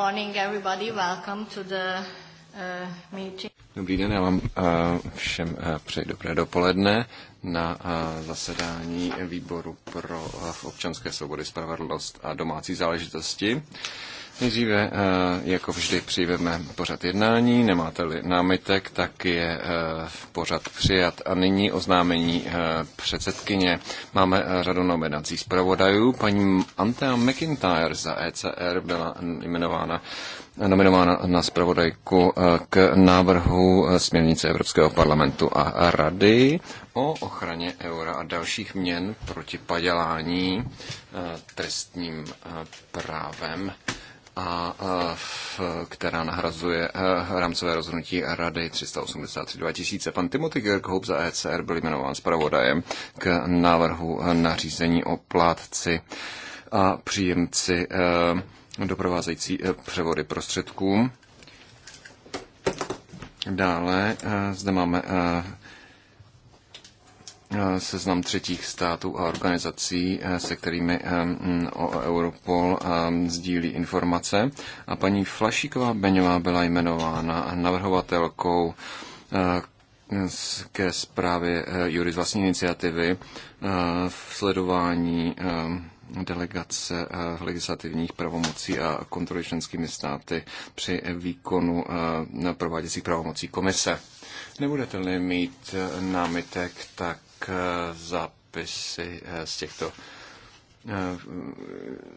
morning, everybody. Welcome to the uh, meeting. Dobrý den, já vám uh, všem uh, přeji dobré dopoledne na uh, zasedání výboru pro občanské svobody, spravedlnost a domácí záležitosti. Nejdříve, eh, jako vždy, přijmeme pořad jednání. Nemáte-li námitek, tak je eh, pořad přijat. A nyní oznámení eh, předsedkyně. Máme řadu nominací zpravodajů. Paní Antea McIntyre za ECR byla jmenována nominována na zpravodajku k návrhu směrnice Evropského parlamentu a rady o ochraně eura a dalších měn proti padělání trestním právem a, a v, která nahrazuje a, eh, rámcové rozhodnutí Rady 383 2000. Pan Timothy Kirkhope za ECR byl jmenován zpravodajem k návrhu nařízení o plátci a příjemci a, eh, doprovázející eh, převody prostředků. Dále zde máme Eh, seznam třetích států a organizací, eh, se kterými eh, mm, o Europol sdílí informace. A paní Flašíková Beňová byla jmenována navrhovatelkou ke zprávě Jury z vlastní iniciativy v sledování delegace legislativních pravomocí a kontroly členskými státy při výkonu prováděcích pravomocí komise. Nebudete-li mít námitek, tak tak eh, zápisy eh, z těchto eh,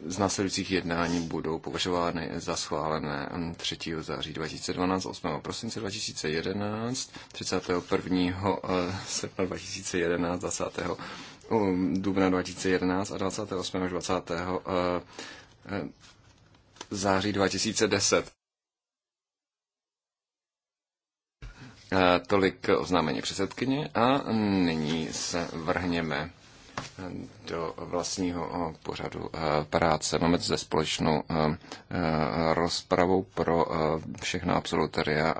z následujících jednání budou považovány za schválené 3. září 2012, 8. prosince 2011, 31. srpna 2011, 20. Um, dubna 2011 a 28. až 20. září 2010. Eh, tolik oznámení předsedkyně a nyní se vrhněme eh, do vlastního eh, pořadu práce. Máme zde společnou rozpravu pro všechna absolutoria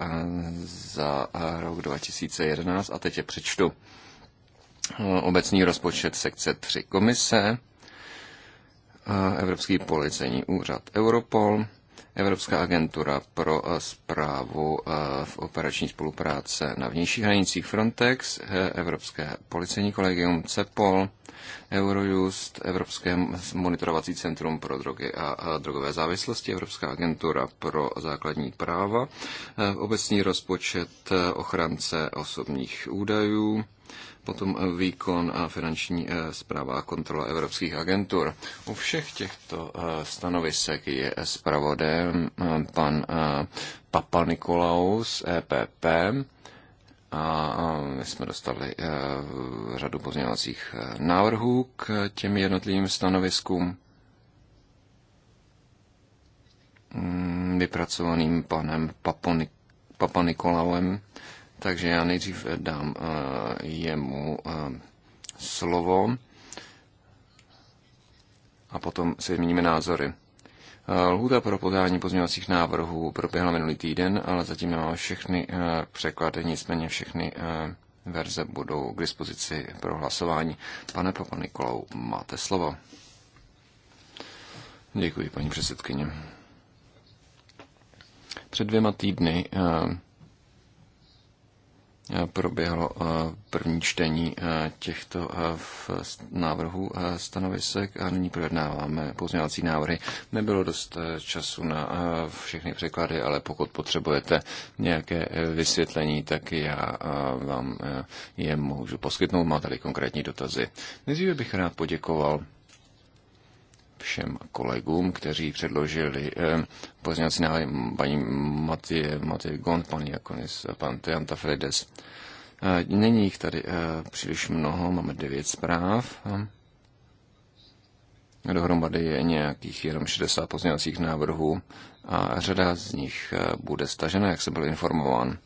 za rok 2011 a teď je přečtu. Obecní rozpočet sekce 3 komise, Evropský policejní úřad Europol, Evropská agentura pro eh, zprávu eh, v operační spolupráce na vnějších hranicích Frontex, eh, Evropské policejní kolegium CEPOL, Eurojust, Evropské monitorovací centrum pro drogy a drogové závislosti, Evropská agentura pro základní práva, obecní rozpočet ochrance osobních údajů, potom eh, výkon a finanční eh, zpráva a kontrola evropských agentur. U všech těchto eh, stanovisek je zpravodem pan Papa Nikolaus EPP a my jsme dostali řadu pozměňovacích návrhů k těm jednotlivým stanoviskům mm, vypracovaným panem Paponik Papa Nikolauem takže já nejdřív eh, dám eh, jemu eh, slovo a potom si vyměníme názory. Lhůta pro podání pozměňovacích návrhů proběhla minulý týden, ale zatím nemáme všechny překlady, nicméně všechny verze budou k dispozici pro hlasování. Pane Papa Nikolou, máte slovo. Děkuji, paní předsedkyně. Před dvěma týdny Eh, proběhlo eh, první čtení eh, těchto návrhů stanovisek a nyní projednáváme pozměňovací návrhy. Nebylo dost času na všechny překlady, ale pokud potřebujete nějaké vysvětlení, tak já vám je můžu poskytnout. Máte-li konkrétní dotazy. Nejdříve bych rád poděkoval všem kolegům, kteří předložili eh, pozměňovací návrhy paní Matie, Matie Gon, paní Jakonis, pan Tejanta Fredes. Eh, není jich tady eh, příliš mnoho, máme devět zpráv. Dohromady je nějakých jenom 60 pozměňovacích návrhů a řada z nich bude stažena, jak jsem byl informován.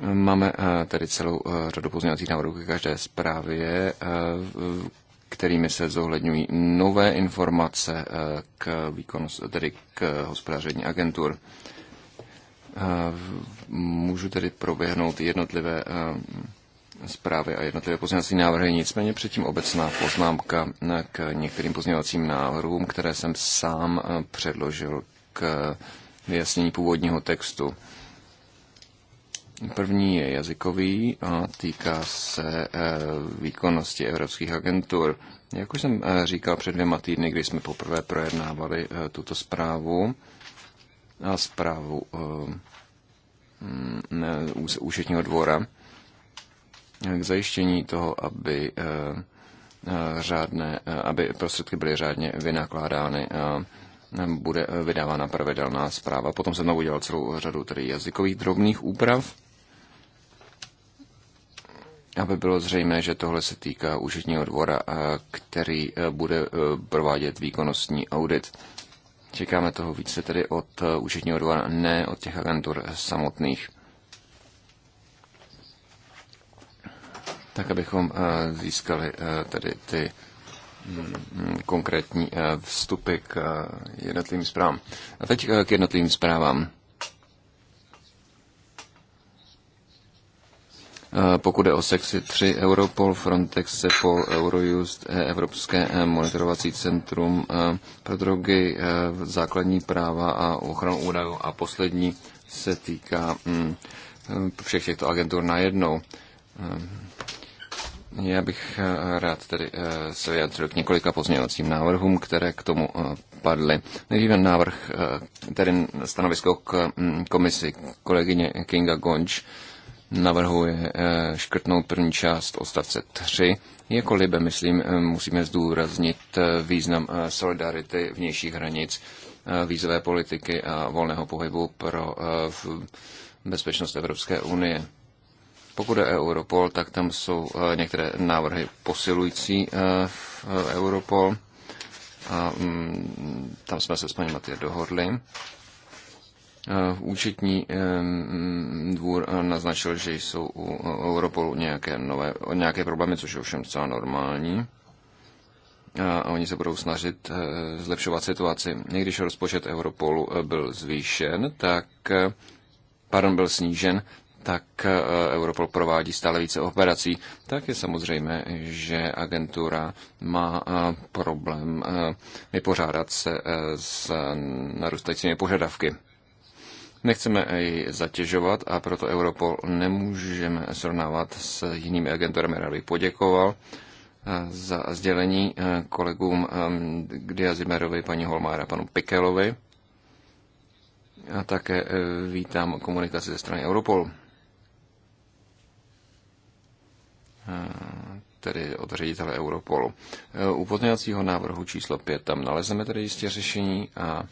Máme eh, tedy celou eh, řadu pozměňovacích návrhů ke každé zprávě, eh, kterými se zohledňují nové informace k výkonu, tedy k hospodaření agentur. Můžu tedy proběhnout jednotlivé zprávy a jednotlivé pozměňovací návrhy. Nicméně předtím obecná poznámka k některým pozměňovacím návrhům, které jsem sám předložil k vyjasnění původního textu. První je jazykový a týká se e, výkonnosti evropských agentur. Jak už jsem e, říkal před dvěma týdny, kdy jsme poprvé projednávali e, tuto zprávu a zprávu účetního dvora k zajištění toho, aby řádné, aby prostředky byly řádně vynakládány bude vydávána pravidelná zpráva. Potom jsem tam udělal celou řadu tedy jazykových drobných úprav aby bylo zřejmé, že tohle se týká úředního dvora, eh, který eh, bude eh, provádět výkonnostní audit. Čekáme toho více tedy od úředního dvora, ne od těch agentur samotných. Tak, abychom získali tedy ty mm, mm, konkrétní vstupy k jednotlivým zprávám. A teď k jednotlivým zprávám. Pokud je o sexy 3, Europol, Frontex, Cepol, Eurojust, e, Evropské e, monitorovací centrum e, pro drogy, základní práva a ochranu údajů. A poslední se týká mm, všech těchto agentur najednou. Já bych rád tedy se vyjádřil k několika pozměňovacím návrhům, které k tomu padly. Nejdříve návrh, tedy stanovisko k mm, komisi kolegyně Kinga Gonč navrhuje eh, škrtnout první část odstavce 3. Jako libe, myslím, eh, musíme zdůraznit eh, význam solidarity vnějších hranic, vízové politiky a volného pohybu pro bezpečnost Evropské unie. Pokud je Europol, tak tam jsou některé návrhy posilující v Europol. A mm, tam jsme se s paní Matěj dohodli. Eh, účetní dvůr eh, naznačil, že jsou u Europolu nějaké, nové, nějaké problémy, což je ovšem zcela normální. A oni se budou snažit eh, zlepšovat situaci. I když rozpočet Europolu byl zvýšen, tak pardon, byl snížen, tak Europol provádí stále více operací, tak je samozřejmé, že agentura má problém vypořádat se s narůstajícími požadavky. Nechceme ji zatěžovat a proto Europol nemůžeme srovnávat s jinými agenturami. Rád bych poděkoval eh, za sdělení eh, kolegům ehm, Dia Zimerovi, paní Holmára, panu Pikelovi. A také eh, vítám komunikaci ze strany Europol, tedy od ředitele Europolu. U pozměňovacího návrhu číslo 5 tam nalezeme tedy jistě řešení a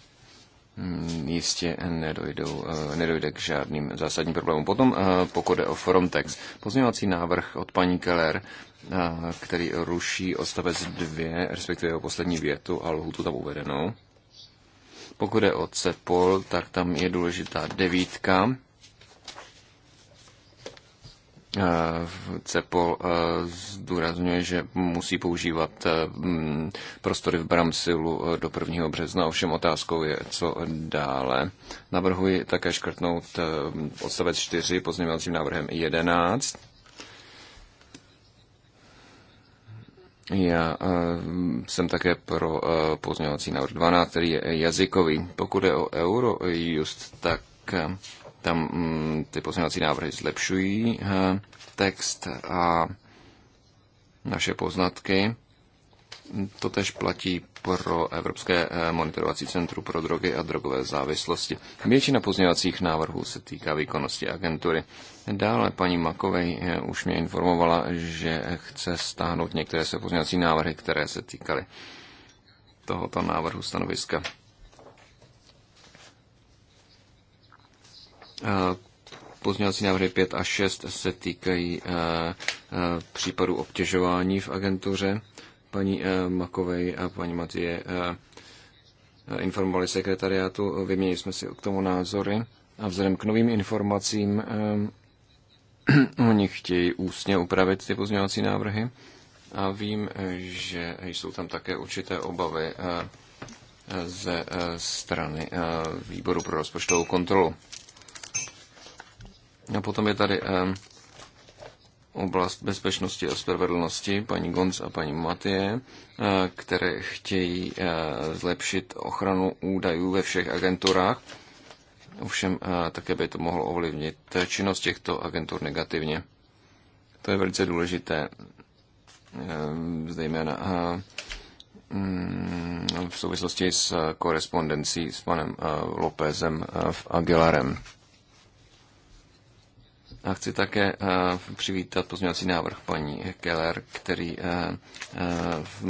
Mm, jistě nedojdou, eh, nedojde k žádným zásadním problémům. Potom, eh, pokud je o Frontex, pozměňovací návrh od paní Keller, eh, který ruší odstavec 2, respektive jeho poslední větu a lhutu tam uvedenou. Pokud je o CEPOL, tak tam je důležitá devítka, Eh, CEPOL eh, zdůrazňuje, že musí používat eh, prostory v Bramsilu do 1. března, ovšem otázkou je, co dále. Navrhuji také škrtnout odstavec 4 pozměňovacím návrhem 11. Já jsem také pro pozměňovací návrh 12, který je jazykový. Pokud je o Eurojust, tak tam mm, ty pozměňovací návrhy zlepšují eh, text a naše poznatky. To tež platí pro Evropské eh, monitorovací centrum pro drogy a drogové závislosti. Většina pozměňovacích návrhů se týká výkonnosti agentury. Dále paní Makovej eh, už mě informovala, že chce stáhnout některé se pozměňovací návrhy, které se týkaly tohoto návrhu stanoviska. Pozměňovací návrhy 5 a 6 se týkají eh, eh, případů obtěžování v agentuře. Paní eh, Makovej a paní Matěje informovali sekretariátu, vyměnili jsme si k tomu názory a vzhledem k novým informacím oni chtějí ústně upravit ty pozměňovací návrhy a vím, že jsou tam také určité obavy ze strany výboru pro rozpočtovou kontrolu. A potom je tady ehm, oblast bezpečnosti a spravedlnosti, paní Gonz a paní Matie, eh, které chtějí eh, zlepšit ochranu údajů ve všech agenturách. Ovšem eh, také by to mohlo ovlivnit činnost těchto agentur negativně. To je velice důležité, ehm, zejména mm, v souvislosti s korespondencí s panem Lópezem v Aguilarem. A chci také eh, přivítat pozměňovací návrh paní Keller, který eh, eh,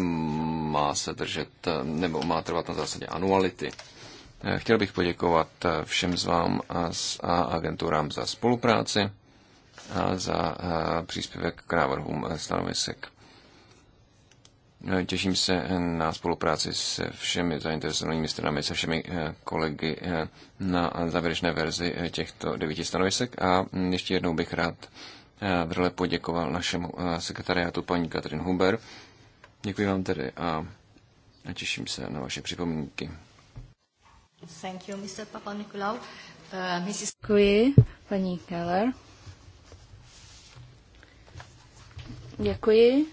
má se držet, nebo má trvat na zásadě anuality. Chtěl bych poděkovat všem z vám a agenturám za spolupráci a za příspěvek k návrhům stanovisek. Eh, těším se eh, na spolupráci se všemi zainteresovanými stranami, se všemi eh, kolegy na závěrečné verzi těchto devíti stanovisek a hm, ještě jednou bych rád vřele poděkoval našemu sekretariátu paní Katrin Huber. Děkuji vám tedy a těším se na vaše připomínky. Thank you, Mr. Papa Nikolau. Uh, Mrs. Děkuji, paní Keller. Děkuji.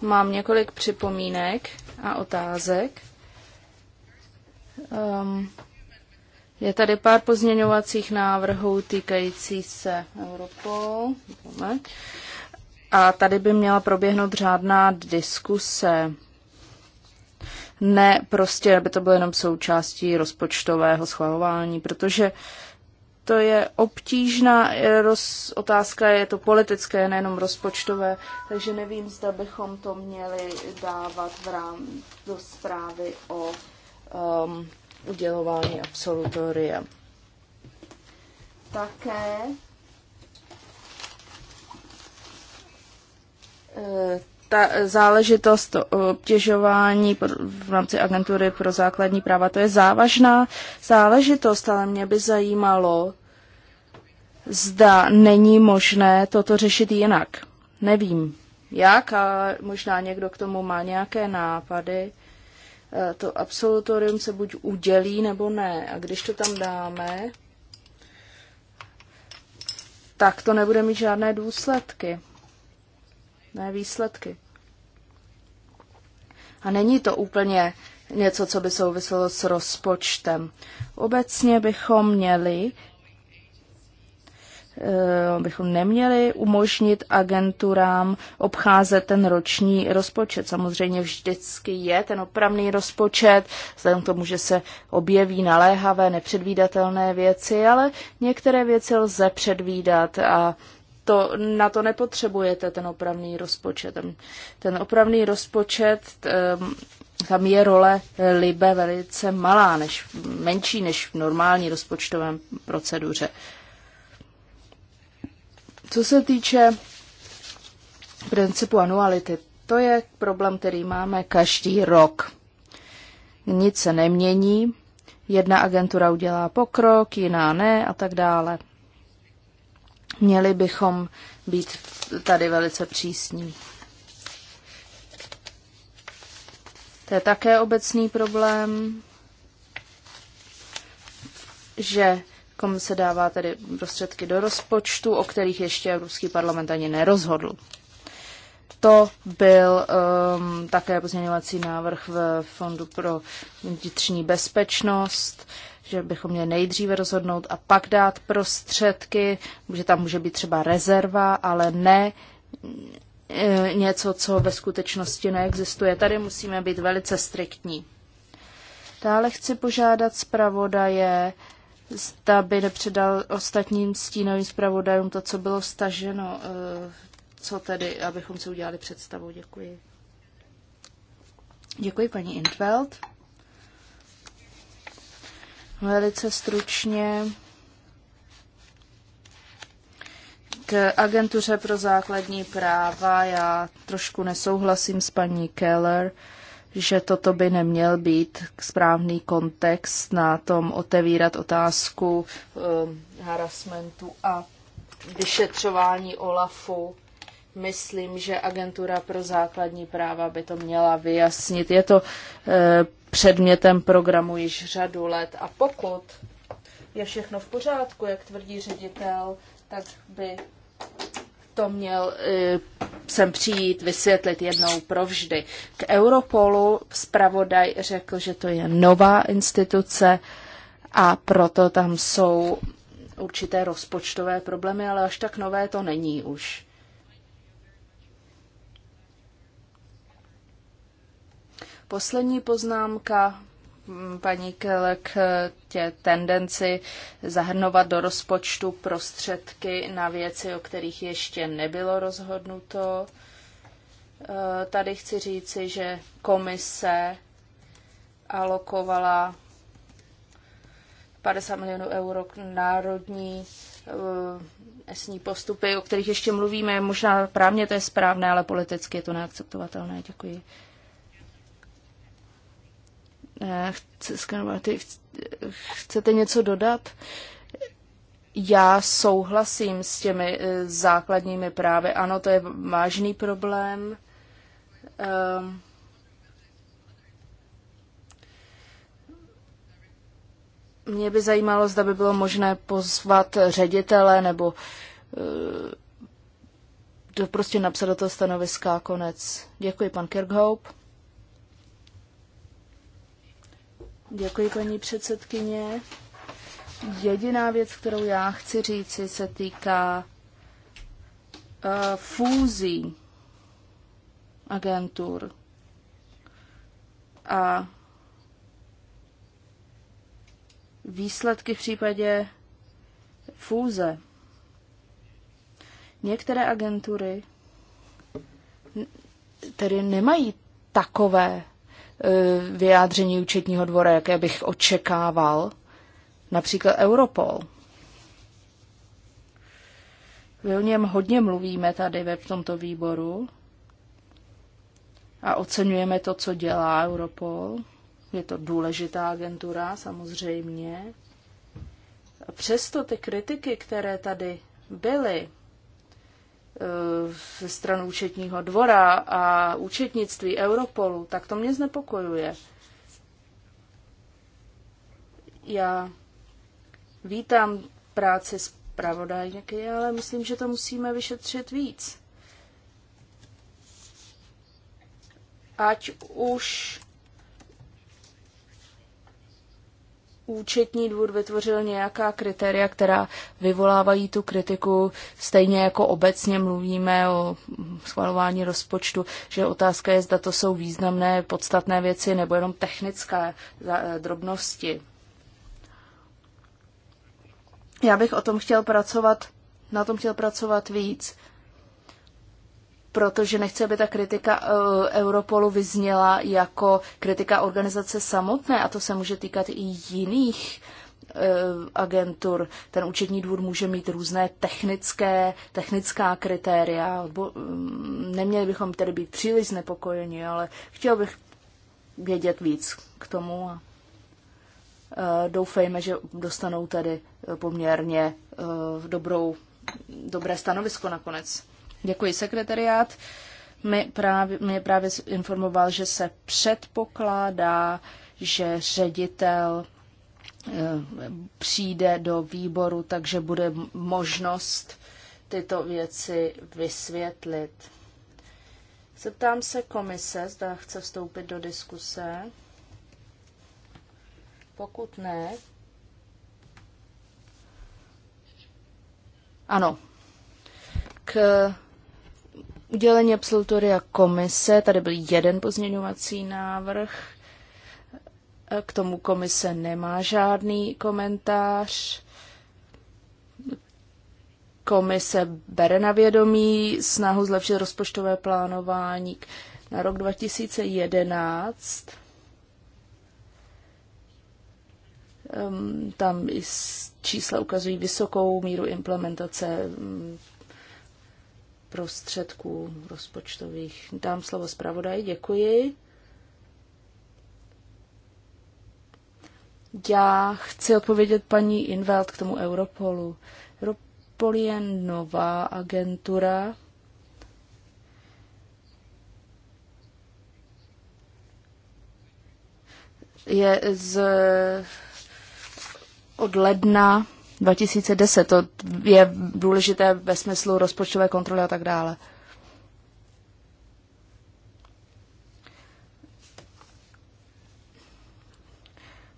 Mám několik připomínek a otázek. Um, je tady pár pozměňovacích návrhů týkající se Europol. A tady by měla proběhnout řádná diskuse. Ne prostě, aby to bylo jenom součástí rozpočtového schvalování, protože to je obtížná eh, roz, otázka, je to politické, nejenom rozpočtové, takže nevím, zda bychom to měli dávat v rám, do zprávy o um, udělování absolutoria. Také eh, ta záležitost to obtěžování v rámci agentury pro základní práva, to je závažná záležitost, ale mě by zajímalo, zda není možné toto řešit jinak. Nevím jak, ale možná někdo k tomu má nějaké nápady. E, to absolutorium se buď udělí nebo ne. A když to tam dáme, tak to nebude mít žádné důsledky. Ne výsledky. A není to úplně něco, co by souviselo s rozpočtem. Obecně bychom měli eh, bychom neměli umožnit agenturám obcházet ten roční rozpočet. Samozřejmě vždycky je ten opravný rozpočet, vzhledem k tomu, že se objeví naléhavé, nepředvídatelné věci, ale některé věci lze předvídat a to, na to nepotřebujete ten opravný rozpočet. Ten, opravný rozpočet, ehm, tam je role Libe velice malá, než, menší než v normální rozpočtovém proceduře. Co se týče principu anuality, to je problém, který máme každý rok. Nic se nemění, jedna agentura udělá pokrok, jiná ne a tak dále. Měli bychom být tady velice přísní. To je také obecný problém, že komu se dává tedy prostředky do rozpočtu, o kterých ještě Evropský parlament ani nerozhodl. To byl um, také pozměňovací návrh v Fondu pro vnitřní bezpečnost že bychom měli nejdříve rozhodnout a pak dát prostředky, že tam může být třeba rezerva, ale ne e, něco, co ve skutečnosti neexistuje. Tady musíme být velice striktní. Dále chci požádat zpravodaje, zda by nepředal ostatním stínovým zpravodajům to, co bylo staženo, e, co tedy, abychom si udělali představu. Děkuji. Děkuji paní Intveld. Velice stručně k agentuře pro základní práva. Já trošku nesouhlasím s paní Keller, že toto by neměl být správný kontext na tom otevírat otázku um, eh, harasmentu a vyšetřování OLAFu myslím, že Agentura pro základní práva by to měla vyjasnit. Je to eh, předmětem programu již řadu let a pokud je všechno v pořádku, jak tvrdí ředitel, tak by to měl eh, sem přijít vysvětlit jednou provždy. K Europolu zpravodaj řekl, že to je nová instituce a proto tam jsou určité rozpočtové problémy, ale až tak nové to není už. Poslední poznámka paní Kele k tě tendenci zahrnovat do rozpočtu prostředky na věci, o kterých ještě nebylo rozhodnuto. Eh, tady chci říci, že komise alokovala 50 milionů euro k národní eh, esní postupy, o kterých ještě mluvíme. Možná právně to je správné, ale politicky je to neakceptovatelné. Děkuji chce chcete něco dodat? Já souhlasím s těmi eh, základními právy. Ano, to je vážný problém. Ehm, mě by zajímalo, zda by bylo možné pozvat ředitele nebo eh, prostě napsat do toho stanoviska konec. Děkuji, pan Kirkhope. Děkuji, paní předsedkyně. Jediná věc, kterou já chci říci, se týká uh, fúzí agentur. A výsledky v případě fúze. Některé agentury tedy nemají takové E, vyjádření účetního dvora, jaké bych očekával, například Europol. My o něm hodně mluvíme tady ve v tomto výboru a oceňujeme to, co dělá Europol. Je to důležitá agentura, samozřejmě. A přesto ty kritiky, které tady byly, Eh, ze strany účetního dvora a účetnictví Europolu, tak to mě znepokojuje. Já vítám práci pravodajněky, ale myslím, že to musíme vyšetřit víc. Ať už účetní dvůr vytvořil nějaká kritéria, která vyvolávají tu kritiku, stejně jako obecně mluvíme o schvalování rozpočtu, že otázka je, zda to jsou významné, podstatné věci nebo jenom technické eh, drobnosti. Já bych o tom chtěl pracovat, na tom chtěl pracovat víc protože nechci, aby ta kritika eh, Europolu vyzněla jako kritika organizace samotné a to se může týkat i jiných eh, agentur. Ten účetní dvůr může mít různé technické, technická kritéria. Bo, mm, neměli bychom tedy být příliš znepokojeni, ale chtěl bych vědět víc k tomu a eh, doufejme, že dostanou tady poměrně dobrou, dobré stanovisko nakonec. Děkuji sekretariát. Mě právě, mě právě informoval, že se předpokládá, že ředitel eh, přijde do výboru, takže bude možnost tyto věci vysvětlit. Zeptám se komise, zda chce vstoupit do diskuse. Pokud ne, ano, k Udělení absolutoria komise, tady byl jeden pozměňovací návrh, k tomu komise nemá žádný komentář. Komise bere na vědomí snahu zlepšit rozpočtové plánování na rok 2011. Ehm, tam i čísla ukazují vysokou míru implementace ehm, prostředků rozpočtových. Dám slovo zpravodaji, děkuji. Já chci odpovědět paní Inveld k tomu Europolu. Europol je nová agentura. Je z od ledna 2010. To je důležité ve smyslu rozpočtové kontroly a tak dále.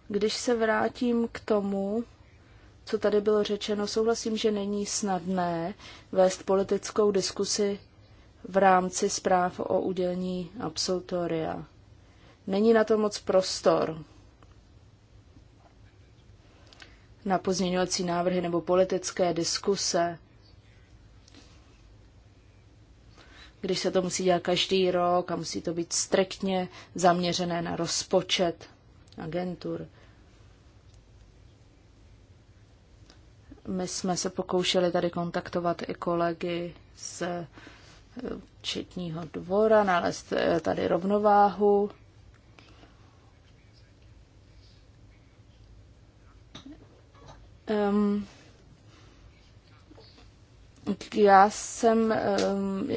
Když se vrátím k tomu, co tady bylo řečeno, souhlasím, že není snadné vést politickou diskusi v rámci zpráv o udělení absolutoria. Není na to moc prostor. na pozměňovací návrhy nebo politické diskuse, když se to musí dělat každý rok a musí to být striktně zaměřené na rozpočet agentur. My jsme se pokoušeli tady kontaktovat i kolegy z eh, Četního dvora, nalézt eh, tady rovnováhu. Um, já jsem, um,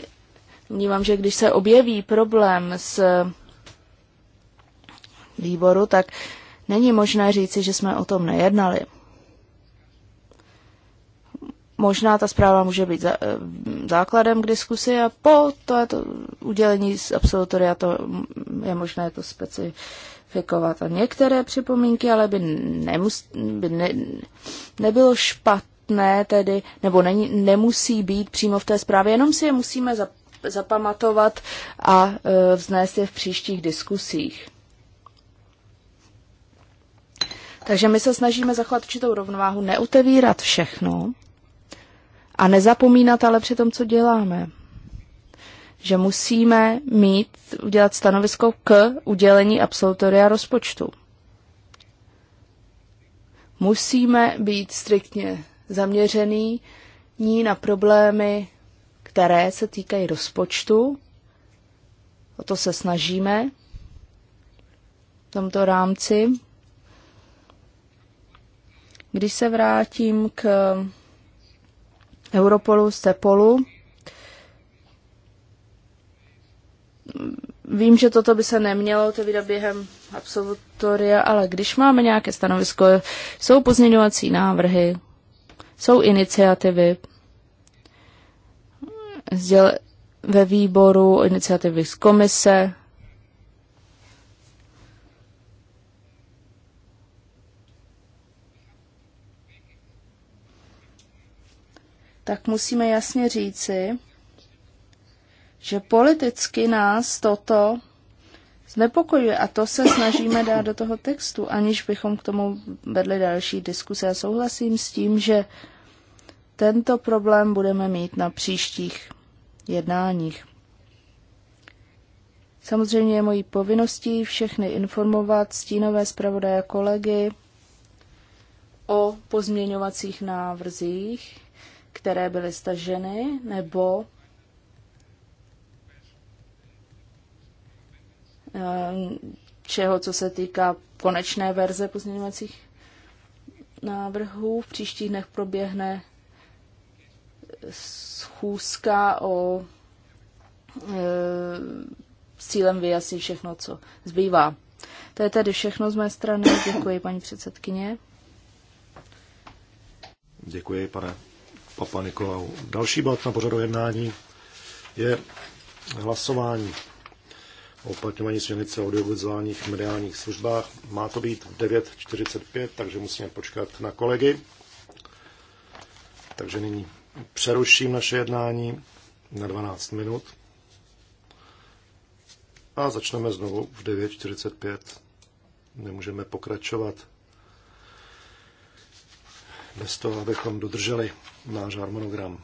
vnímám, že když se objeví problém s výboru, tak není možné říci, že jsme o tom nejednali. Možná ta zpráva může být za, základem k diskusi a po to, to udělení z absolutoria to je možné to specifikovat fikovat A některé připomínky ale by, nemus, by ne, nebylo špatné tedy, nebo není, nemusí být přímo v té zprávě, jenom si je musíme zap, zapamatovat a e, vznést je v příštích diskusích. Takže my se snažíme zachovat určitou rovnováhu, neutevírat všechno a nezapomínat ale při tom, co děláme že musíme mít, udělat stanovisko k udělení absolutoria rozpočtu. Musíme být striktně zaměřený ní na problémy, které se týkají rozpočtu. O to se snažíme v tomto rámci. Když se vrátím k Europolu, Stepolu, Vím, že toto by se nemělo otevírat během absolutoria, ale když máme nějaké stanovisko, jsou pozměňovací návrhy, jsou iniciativy ve výboru, iniciativy z komise. Tak musíme jasně říci, že politicky nás toto znepokojuje a to se snažíme dát do toho textu, aniž bychom k tomu vedli další diskuse. Já souhlasím s tím, že tento problém budeme mít na příštích jednáních. Samozřejmě je mojí povinností všechny informovat stínové zpravodaje kolegy o pozměňovacích návrzích, které byly staženy nebo Eh, čeho, co se týká konečné verze pozměňovacích návrhů. V příštích dnech proběhne schůzka o eh, s cílem vyjasnit všechno, co zbývá. To je tedy všechno z mé strany. Děkuji, paní předsedkyně. Děkuji, pane Papa Nikolau. Další bod na pořadu jednání je hlasování o uplatňování směrnice o audiovizuálních mediálních službách. Má to být v 9.45, takže musíme počkat na kolegy. Takže nyní přeruším naše jednání na 12 minut a začneme znovu v 9.45. Nemůžeme pokračovat bez toho, abychom dodrželi náš harmonogram.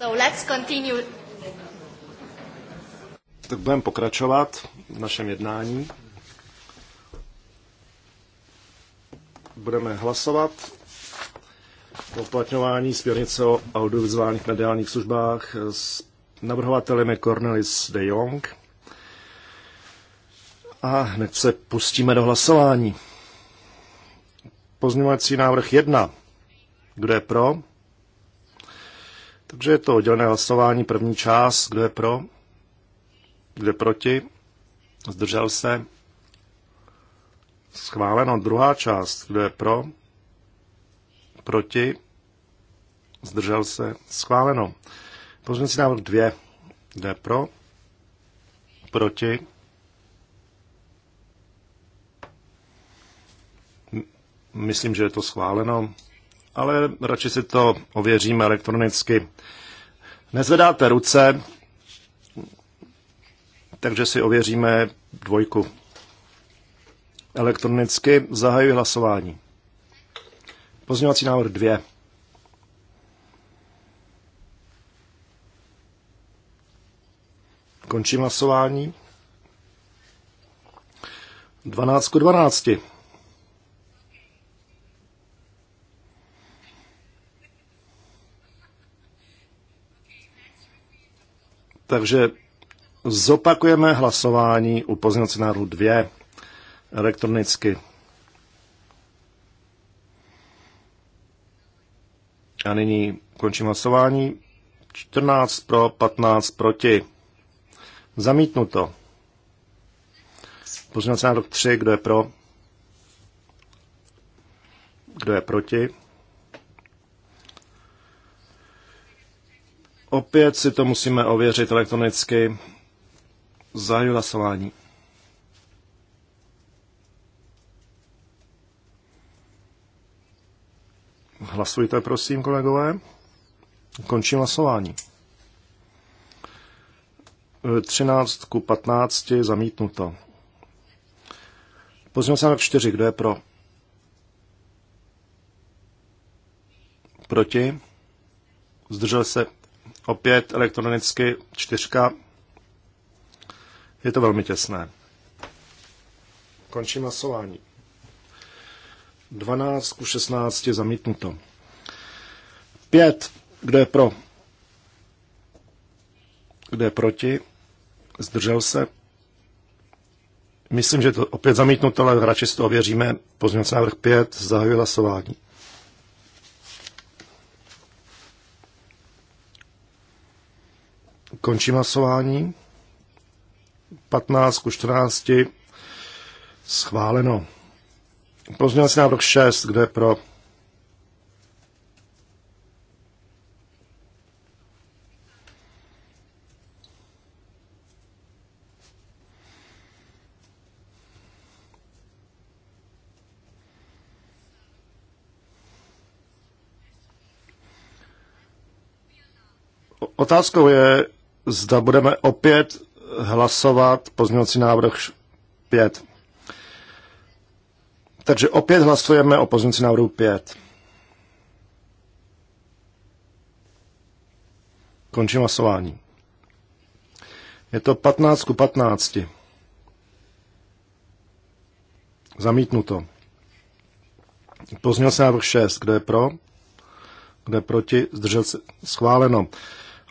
So let's continue. Tak budeme pokračovat v našem jednání. Budeme hlasovat o uplatňování směrnice o audiovizuálních mediálních službách. S navrhovatelem je Cornelis de Jong. A hned se pustíme do hlasování. Pozměňovací návrh 1. Kdo je pro? Takže je to oddělené hlasování, první část, kdo je pro, kdo je proti, zdržel se, schváleno, druhá část, kdo je pro, proti, zdržel se, schváleno. si návrh dvě kdo je pro, proti, myslím, že je to schváleno ale radši si to ověříme elektronicky. Nezvedáte ruce, takže si ověříme dvojku. Elektronicky zahajuji hlasování. Pozměňovací návrh 2. Končím hlasování. 12 k 12. Takže zopakujeme hlasování u pozměňovací návrhu 2 elektronicky. A nyní končím hlasování. 14 pro, 15 proti. Zamítnuto. Pozměňovací návrh 3, kdo je pro? Kdo je proti? Opět si to musíme ověřit elektronicky. Zahajuji hlasování. Hlasujte, prosím, kolegové. Končím hlasování. 13 ku 15 zamítnuto. se na 4. Kdo je pro? Proti? Zdržel se opět elektronicky čtyřka. Je to velmi těsné. Končím hlasování. 12 ku 16 je zamítnuto. 5. Kdo je pro? Kdo je proti? Zdržel se? Myslím, že to opět zamítnuto, ale radši si to ověříme. Pozměňovací návrh 5. Zahajuji hlasování. Končím hlasování. 15 ku 14 schváleno. Pozměňovací návrh 6, kde pro Otázkou je, zda budeme opět hlasovat pozměňovací návrh 5. Takže opět hlasujeme o pozměňovací návrhu 5. Končím hlasování. Je to 15 ku 15. Zamítnuto. se návrh 6. Kdo je pro? Kdo je proti? Zdržel se. Schváleno.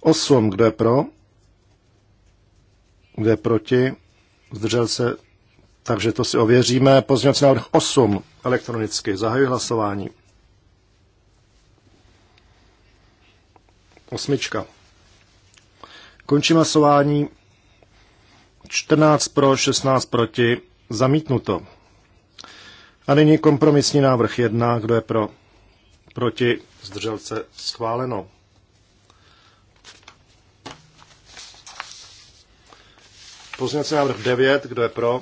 8. Kdo je pro? Kdo je proti? Zdržel se? Takže to si ověříme. Pozměňovací návrh 8 elektronicky. Zahajuji hlasování. Osmička. Končím hlasování. 14 pro, 16 proti. Zamítnuto. A nyní kompromisní návrh 1. Kdo je pro? Proti? Zdržel se? Schváleno. Pozměňovací návrh 9, kdo je pro?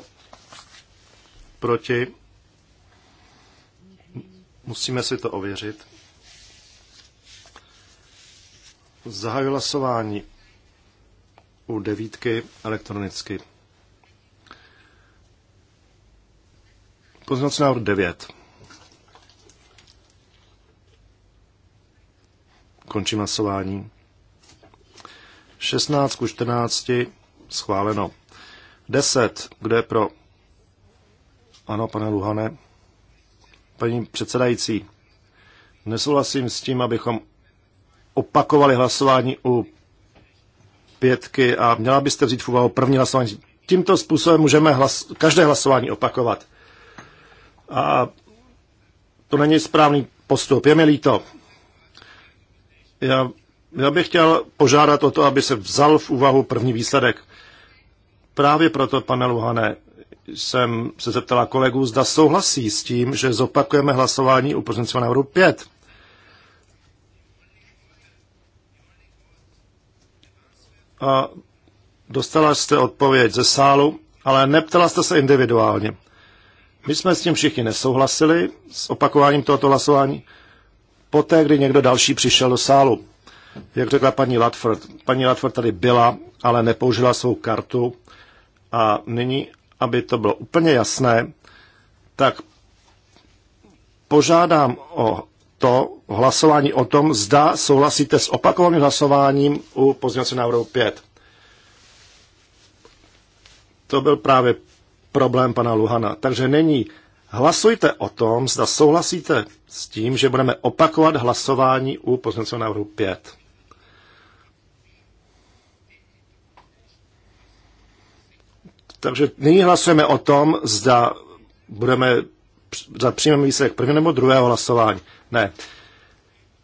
Proti? Musíme si to ověřit. Zahajuji hlasování u devítky elektronicky. Pozměňovací návrh 9. Končím hlasování. 16 ku 14 schváleno. 10. Kdo je pro? Ano, pane Luhane. Paní předsedající, nesouhlasím s tím, abychom opakovali hlasování u pětky a měla byste vzít v úvahu první hlasování. Tímto způsobem můžeme hlas, každé hlasování opakovat. A to není správný postup. Je mi líto. Já, já bych chtěl požádat o to, aby se vzal v úvahu první výsledek. Právě proto, pane Luhane, jsem se zeptala kolegů, zda souhlasí s tím, že zopakujeme hlasování u pozměnce návrhu 5. A dostala jste odpověď ze sálu, ale neptala jste se individuálně. My jsme s tím všichni nesouhlasili, s opakováním tohoto hlasování, poté, kdy někdo další přišel do sálu. Jak řekla paní Latford, paní Latford tady byla, ale nepoužila svou kartu, a nyní, aby to bylo úplně jasné, tak požádám o to hlasování o tom, zda souhlasíte s opakovaným hlasováním u pozměňovacího návrhu 5. To byl právě problém pana Luhana. Takže není hlasujte o tom, zda souhlasíte s tím, že budeme opakovat hlasování u pozměňovacího návrhu 5. Takže nyní hlasujeme o tom, zda budeme za přijmeme výsledek prvního nebo druhého hlasování. Ne.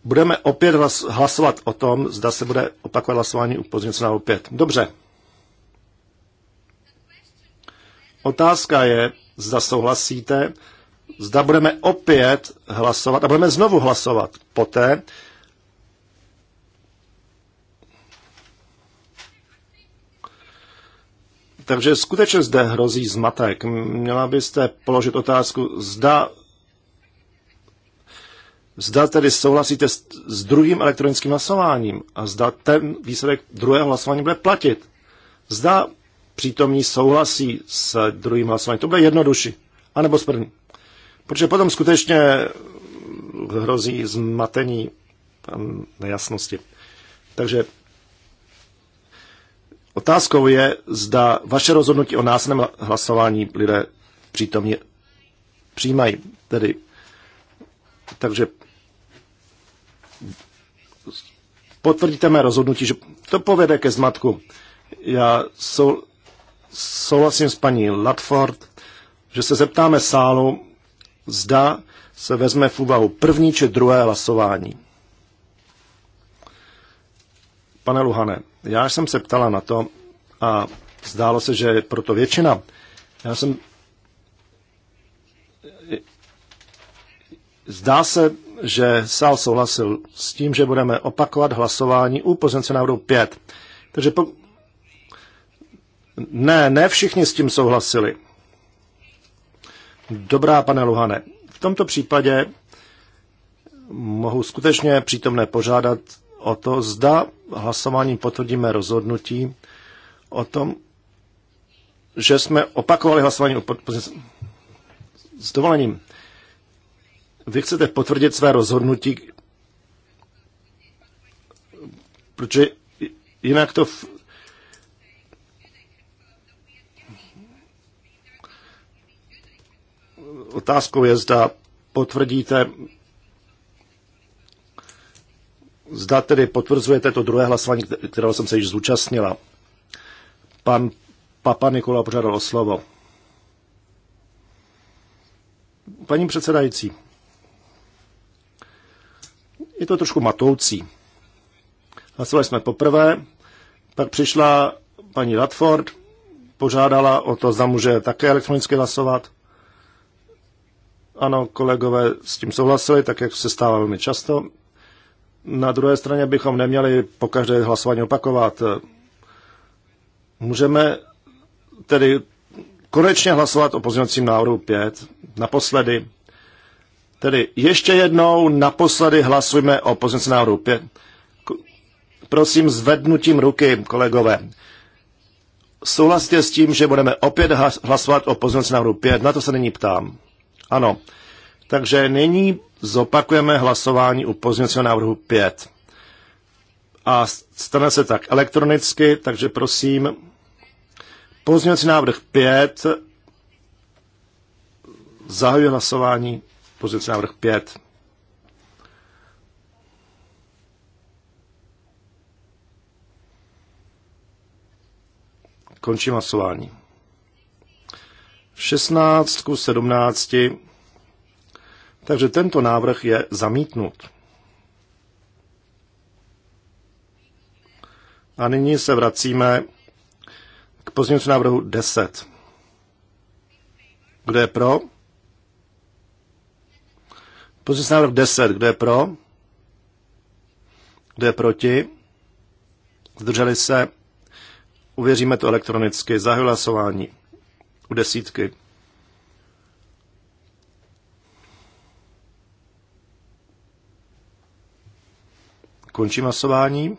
Budeme opět hlasovat o tom, zda se bude opakovat hlasování u pozměnce na opět. Dobře. Otázka je, zda souhlasíte, zda budeme opět hlasovat a budeme znovu hlasovat poté, Takže skutečně zde hrozí zmatek. Měla byste položit otázku, zda, zda tedy souhlasíte s, s druhým elektronickým hlasováním a zda ten výsledek druhého hlasování bude platit. Zda přítomní souhlasí s druhým hlasováním. To bude jednodušší. A nebo s prvním. Protože potom skutečně hrozí zmatení nejasnosti. Takže Otázkou je, zda vaše rozhodnutí o násilném hlasování lidé přítomně přijímají. Tedy, takže potvrdíte mé rozhodnutí, že to povede ke zmatku. Já sou, souhlasím s paní Latford, že se zeptáme sálu, zda se vezme v úvahu první či druhé hlasování. Pane Luhane, já jsem se ptala na to a zdálo se, že proto většina. Já jsem... Zdá se, že sál souhlasil s tím, že budeme opakovat hlasování u pozice návrhu 5. Takže po... Ne, ne všichni s tím souhlasili. Dobrá, pane Luhane. V tomto případě mohu skutečně přítomné požádat, o to, zda hlasováním potvrdíme rozhodnutí o tom, že jsme opakovali hlasování o s dovolením. Vy chcete potvrdit své rozhodnutí, protože jinak to v... otázkou je, zda potvrdíte Zda tedy potvrzujete to druhé hlasování, kterého jsem se již zúčastnila. Pan Papa Nikola požádal o slovo. Paní předsedající, je to trošku matoucí. Hlasovali jsme poprvé, pak přišla paní Radford, požádala o to, zda může také elektronicky hlasovat. Ano, kolegové s tím souhlasili, tak jak se stává velmi často. Na druhé straně bychom neměli po každé hlasování opakovat. Můžeme tedy konečně hlasovat o pozměňovacím návrhu 5. Naposledy. Tedy ještě jednou naposledy hlasujme o pozměňovacím návrhu 5. Prosím zvednutím ruky, kolegové. Souhlasíte s tím, že budeme opět hlasovat o pozměňovacím návrhu 5? Na to se nyní ptám. Ano. Takže nyní zopakujeme hlasování u pozměňovacího návrhu 5. A stane se tak elektronicky, takže prosím, pozměňovací návrh 5, zahajuji hlasování, pozměňovací návrh 5. Končím hlasování. 16 ku 17 takže tento návrh je zamítnut. A nyní se vracíme k pozměňovacímu návrhu 10. Kdo je pro? Pozměňovací návrh 10. Kdo je pro? Kdo je proti? Zdrželi se? Uvěříme to elektronicky. Zahajuji hlasování u desítky. Končím hlasování.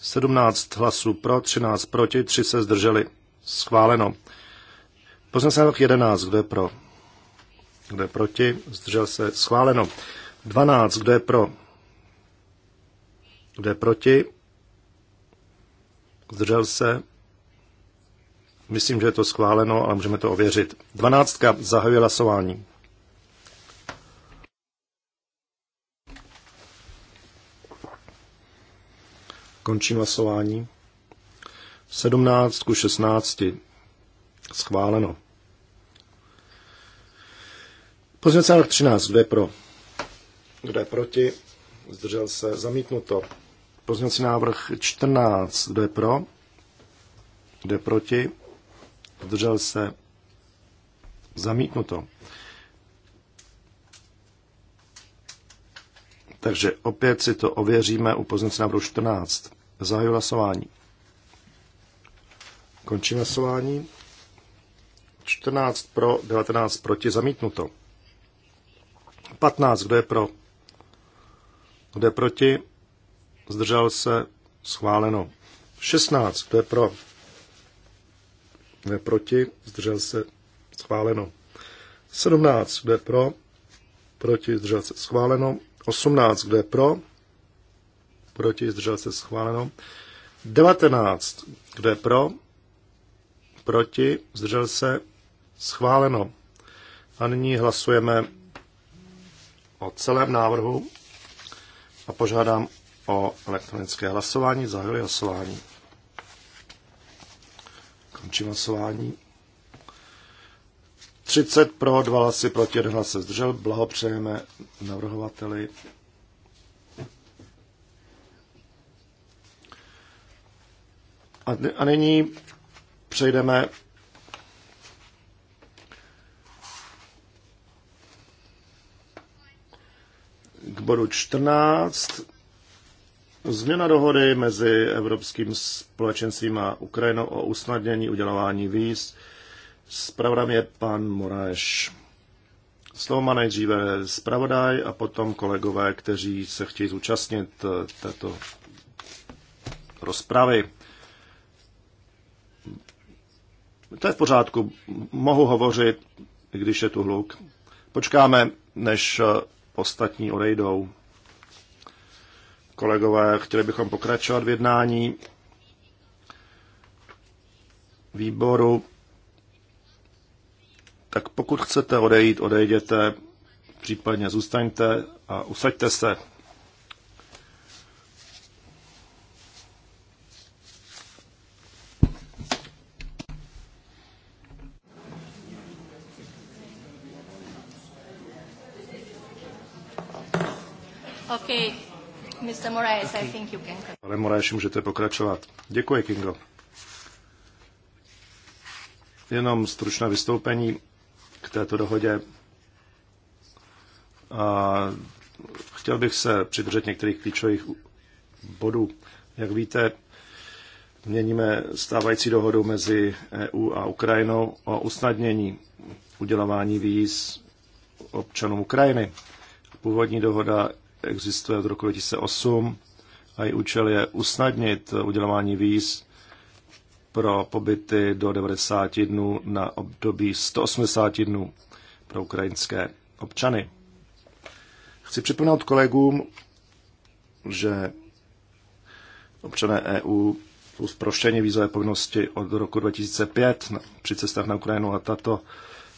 17 hlasů pro, 13 proti, 3 se zdrželi. Schváleno. Poznací se 11, kdo je pro? Kdo je proti? Zdržel se. Schváleno. 12, kdo je pro? Kdo je proti? Zdržel se. Myslím, že je to schváleno, ale můžeme to ověřit. 12. Zahajuje hlasování. Končím hlasování. 17 ku 16. Schváleno. Pozměnce návrh 13. Kdo je pro? Kdo je proti? Zdržel se. Zamítnuto. Pozměnci návrh 14. Kdo je pro? Kdo je proti? Zdržel se. Zamítnuto. Takže opět si to ověříme u pozměnce návrhu 14. Zahajuji hlasování. Končím hlasování. 14 pro, 19 proti, zamítnuto. 15, kdo je pro? Kdo je proti? Zdržel se, schváleno. 16, kdo je pro? Kdo je proti? Zdržel se, schváleno. 17, kdo je pro? Proti, zdržel se, schváleno. 18, kdo je pro? proti, zdržel se schváleno. 19, kdo je pro, proti, zdržel se schváleno. A nyní hlasujeme o celém návrhu a požádám o elektronické hlasování. Zahajuji hlasování. Končím hlasování. 30 pro, 2 hlasy proti, 1 hlas se zdržel. Blahopřejeme navrhovateli A, a nyní přejdeme k bodu 14. Změna dohody mezi Evropským společenstvím a Ukrajinou o usnadnění udělování víz. Spravodám je pan Moraš. Slovo má nejdříve zpravodaj a potom kolegové, kteří se chtějí zúčastnit eh, této rozpravy. To je v pořádku, mohu hovořit, když je tu hluk. Počkáme, než eh, ostatní odejdou. Kolegové, chtěli bychom pokračovat v jednání výboru. Tak pokud chcete odejít, odejděte, případně zůstaňte a usaďte se. Moraes, I think you can... Pane Moraes, můžete pokračovat. Děkuji, Kingo. Jenom stručné vystoupení k této dohodě. A chtěl bych se přidržet některých klíčových bodů. Jak víte, měníme stávající dohodu mezi EU a Ukrajinou o usnadnění udělování víz občanům Ukrajiny. Původní dohoda existuje od roku 2008 a její účel je usnadnit udělování víz pro pobyty do 90 dnů na období 180 dnů pro ukrajinské občany. Chci připomenout kolegům, že občané EU jsou zproštěni vízové povinnosti od roku 2005 při cestách na Ukrajinu a tato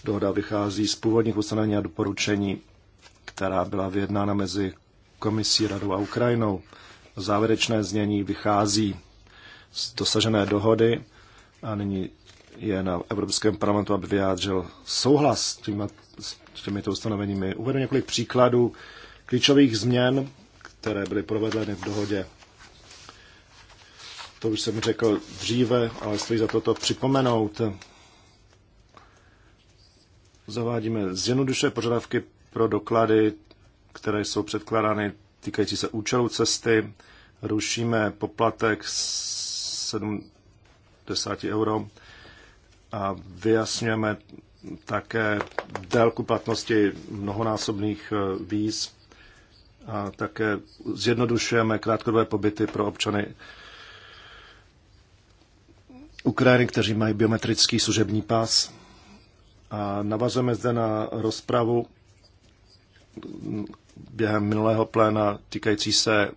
dohoda vychází z původních ustanovení a doporučení, která byla vyjednána mezi komisí, radou a Ukrajinou. Závěrečné znění vychází z dosažené dohody a nyní je na Evropském parlamentu, aby vyjádřil souhlas s, těma, s těmito ustanoveními. Uvedu několik příkladů klíčových změn, které byly provedeny v dohodě. To už jsem řekl dříve, ale stojí za toto připomenout. Zavádíme zjednoduše požadavky pro doklady které jsou předkládány týkající se účelu cesty. Rušíme poplatek 70 euro a vyjasňujeme také délku platnosti mnohonásobných eh, víz a také zjednodušujeme krátkodobé pobyty pro občany Ukrajiny, kteří mají biometrický služební pás. A navazujeme zde na rozpravu během minulého pléna týkající se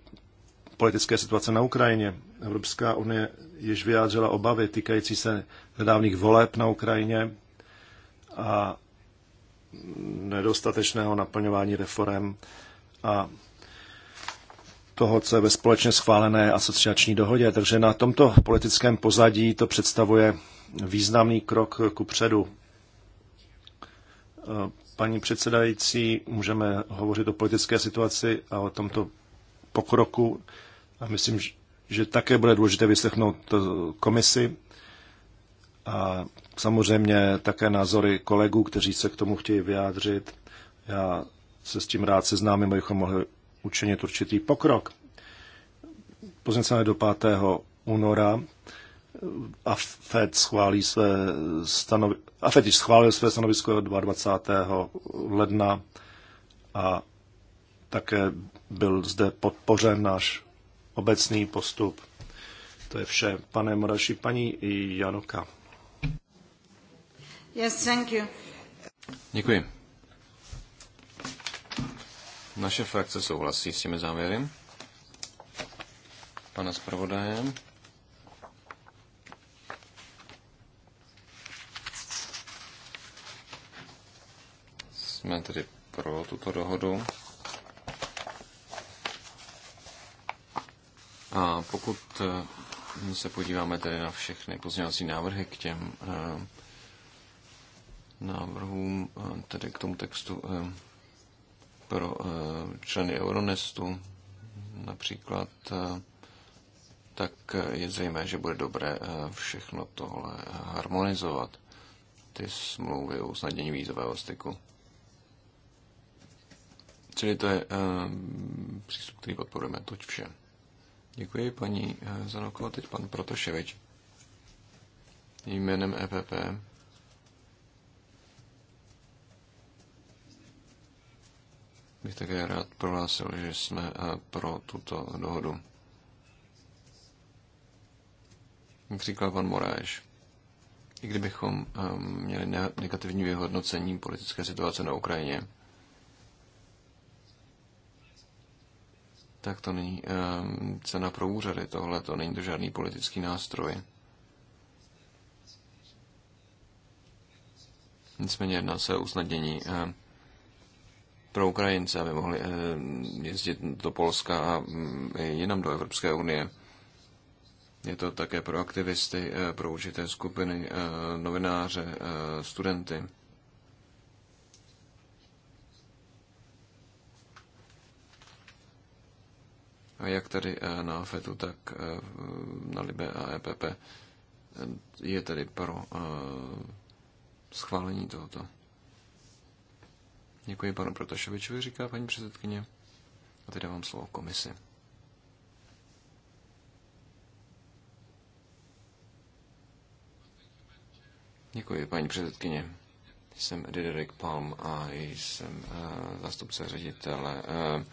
politické situace na Ukrajině. Evropská unie již vyjádřila obavy týkající se nedávných voleb na Ukrajině a nedostatečného naplňování reform a toho, co je ve společně schválené asociační dohodě. Takže na tomto politickém pozadí to představuje významný krok ku předu Paní předsedající, můžeme hovořit o politické situaci a o tomto pokroku a myslím, že také bude důležité vyslechnout komisi a samozřejmě také názory kolegů, kteří se k tomu chtějí vyjádřit. Já se s tím rád seznámím, abychom mohli učinit určitý pokrok. Pozněcené do 5. února a FED schválí své stanovi- a FED již schválil své stanovisko 22. ledna a také byl zde podpořen náš obecný postup. To je vše. Pane Moraši, paní Janoka. Yes, thank you. Děkuji. Naše frakce souhlasí s těmi závěry pana zpravodajem. jsme tedy pro tuto dohodu. A pokud eh, se podíváme tedy na všechny pozměňovací návrhy k těm eh, návrhům, eh, tedy k tomu textu pro členy Euronestu například, tak je zřejmé, že bude dobré všechno tohle harmonizovat, ty smlouvy o usnadnění vízového styku. Čili to je eh, přístup, který podporujeme. Toť vše. Děkuji paní eh, Zanokova, teď pan Protoševič. Jménem EPP. bych také rád prohlásil, že jsme eh, pro tuto dohodu. Jak říkal pan Moráš, i kdybychom měli negativní vyhodnocení politické situace na Ukrajině, tak to není uh, cena pro úřady. Tohle to není to žádný politický nástroj. Nicméně jedná se o usnadnění um, pro Ukrajince, aby mohli um, jezdit do Polska a um, jinam do Evropské unie. Je to také pro aktivisty, eh, pro určité skupiny, eh, novináře, eh, studenty. jak tady eh, na FETu, tak eh, na LIBE a EPP, je tedy pro eh, schválení tohoto. Děkuji panu Protašovičovi, říká paní předsedkyně. A teď dávám slovo komisi. Děkuji, paní předsedkyně. Jsem Diderik Palm a jsem eh, zástupce ředitele eh,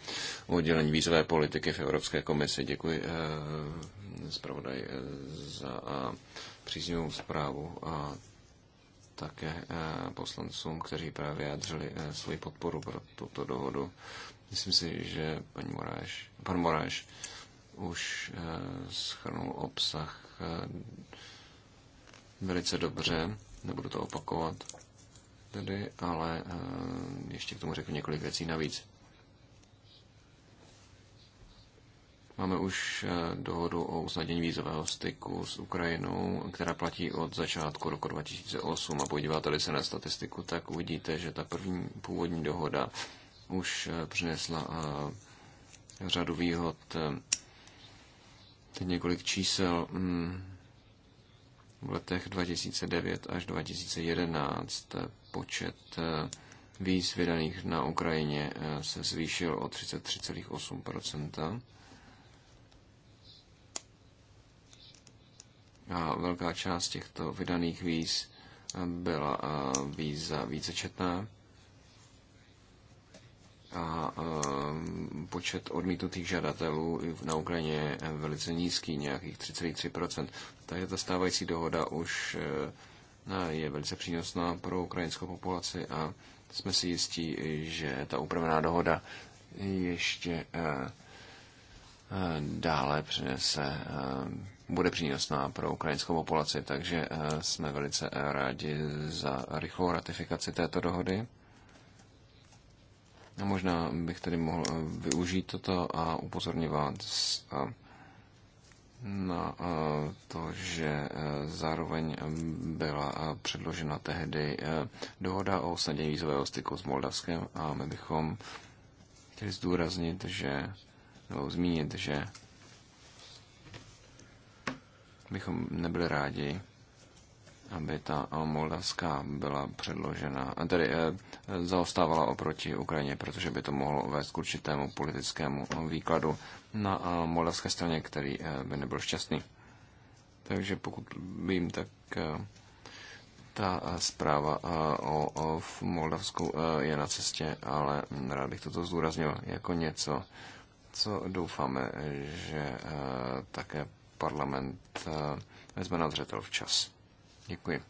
oddělení vízové politiky v Evropské komisi. Děkuji eh, zpravodaj za příznivou zprávu a také poslancům, kteří právě vyjádřili svoji podporu pro tuto dohodu. Myslím si, že paní Moráš, pan Moráš už schrnul obsah velice dobře, nebudu to opakovat tedy, ale eh, ještě k tomu řeknu několik věcí navíc. Máme už eh, dohodu o usnadnění vízového styku s Ukrajinou, která platí od začátku roku 2008 a podíváte-li se na statistiku, tak uvidíte, že ta první původní dohoda už eh, přinesla řadu výhod. Teď několik čísel hmm. v letech 2009 až 2011 počet eh, víz vydaných na Ukrajině eh, se zvýšil o 33,8%. A velká část těchto vydaných víz eh, byla víza vícečetná. A počet odmítnutých žadatelů na Ukrajině je velice nízký, nějakých 3,3%. Takže ta stávající dohoda už je velice přínosná pro ukrajinskou populaci a jsme si jistí, že ta upravená dohoda ještě eh, eh, dále přinese, eh, bude přínosná pro ukrajinskou populaci, takže jsme velice rádi za rychlou ratifikaci této dohody. A možná bych tedy mohl využít toto a upozornit na no, eh, to, že eh, zároveň eh, byla předložena tehdy dohoda o usnadnění vízového styku s Moldavskem a my bychom chtěli zdůraznit, že, nebo zmínit, že bychom nebyli rádi, aby ta moldavská byla předložena, tedy eh, zaostávala oproti Ukrajině, protože by to mohlo vést k určitému politickému výkladu na eh, moldavské straně, který eh, by nebyl šťastný. Takže pokud vím, tak ta zpráva o, o v Moldavsku je na cestě, ale hm, rád bych toto zdůraznil jako něco, co doufáme, že také parlament vezme na zřetel včas. Děkuji.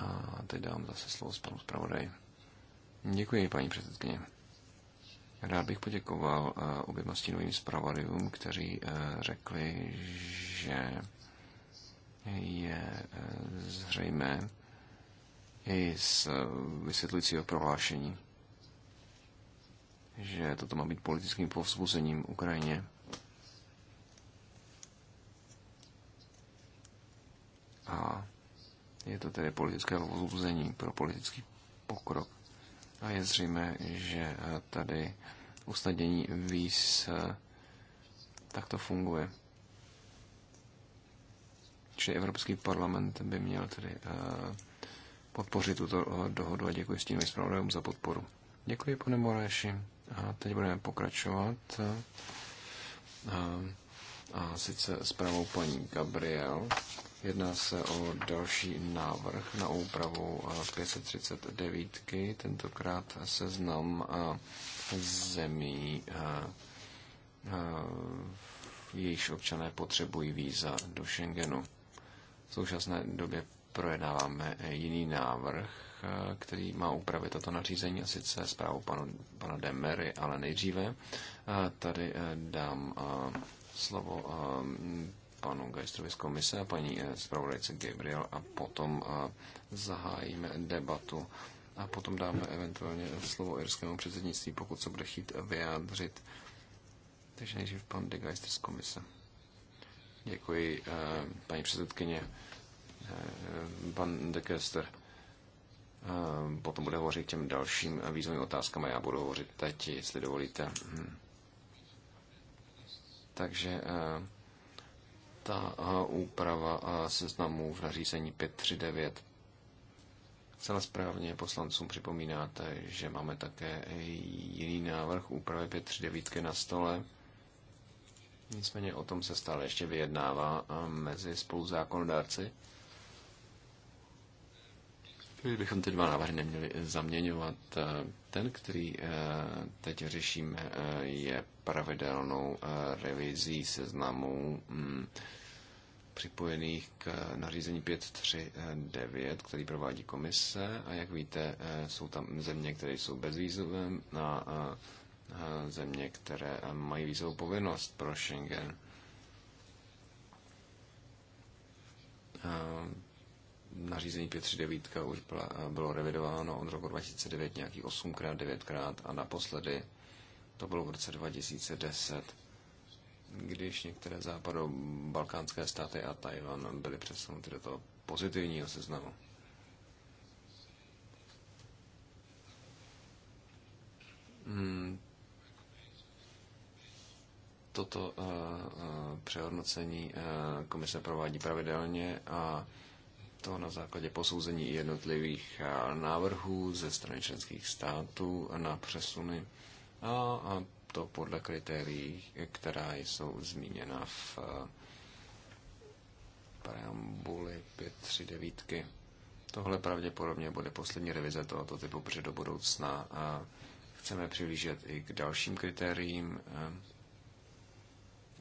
A teď dám zase slovo s panu zpravodaji. Děkuji, paní předsedkyně. Rád bych poděkoval eh, oběma stínovým zpravodajům, kteří eh, řekli, že je eh, zřejmé i z vysvětlujícího prohlášení, že toto má být politickým povzbuzením Ukrajině A je to tedy politické vzbuzení pro politický pokrok. A je zřejmé, že tady usnadění víz eh, takto funguje. Čili Evropský parlament by měl tedy eh, podpořit tuto eh, dohodu a děkuji stínovým zpravodajům za podporu. Děkuji, pane Moreši. A teď budeme pokračovat. A, a sice zprávou paní Gabriel Jedná se o další návrh na úpravu 539. Eh, Tentokrát seznam eh, zemí, eh, jejichž občané potřebují víza do Schengenu. V současné době projednáváme jiný návrh, který má upravit toto nařízení, a sice zprávu panu, pana Demery, ale nejdříve tady dám slovo panu Geistrovi z komise a paní eh, zpravodajce Gabriel a potom eh, zahájíme debatu a potom dáme eventuálně slovo irskému předsednictví, pokud se bude chtít vyjádřit. Takže nejdřív pan de Geister z komise. Děkuji, eh, paní předsedkyně. Pan de Geister potom bude hovořit těm dalším výzvovým otázkám a já budu hovořit teď, jestli dovolíte. Hm. Takže ta úprava seznamů v nařízení 539. Celá správně poslancům připomínáte, že máme také jiný návrh úpravy 539 na stole. Nicméně o tom se stále ještě vyjednává mezi spoluzákonodárci. Kdybychom ty dva návrhy neměli zaměňovat, ten, který e, teď řešíme, e, je pravidelnou e, revizí seznamů mm, připojených k nařízení 539, který provádí komise. A jak víte, eh, jsou tam země, které jsou bezvýzovem eh, a eh, země, které mají vízovou povinnost pro Schengen. Nařízení 539 už bylo revidováno od roku 2009 nějakých 8x, 9x a naposledy to bylo v roce 2010 když některé západobalkánské státy a Tajvan byly přesunuty do toho pozitivního seznamu. Hmm. Toto uh, uh, přehodnocení uh, komise provádí pravidelně a to na základě posouzení jednotlivých návrhů ze strany členských států na přesuny a, a to podle kritérií, která jsou zmíněna v eh, preambuli 539. Tohle pravděpodobně bude poslední revize tohoto typu, protože do budoucna a eh, chceme přihlížet i k dalším kritériím. Eh,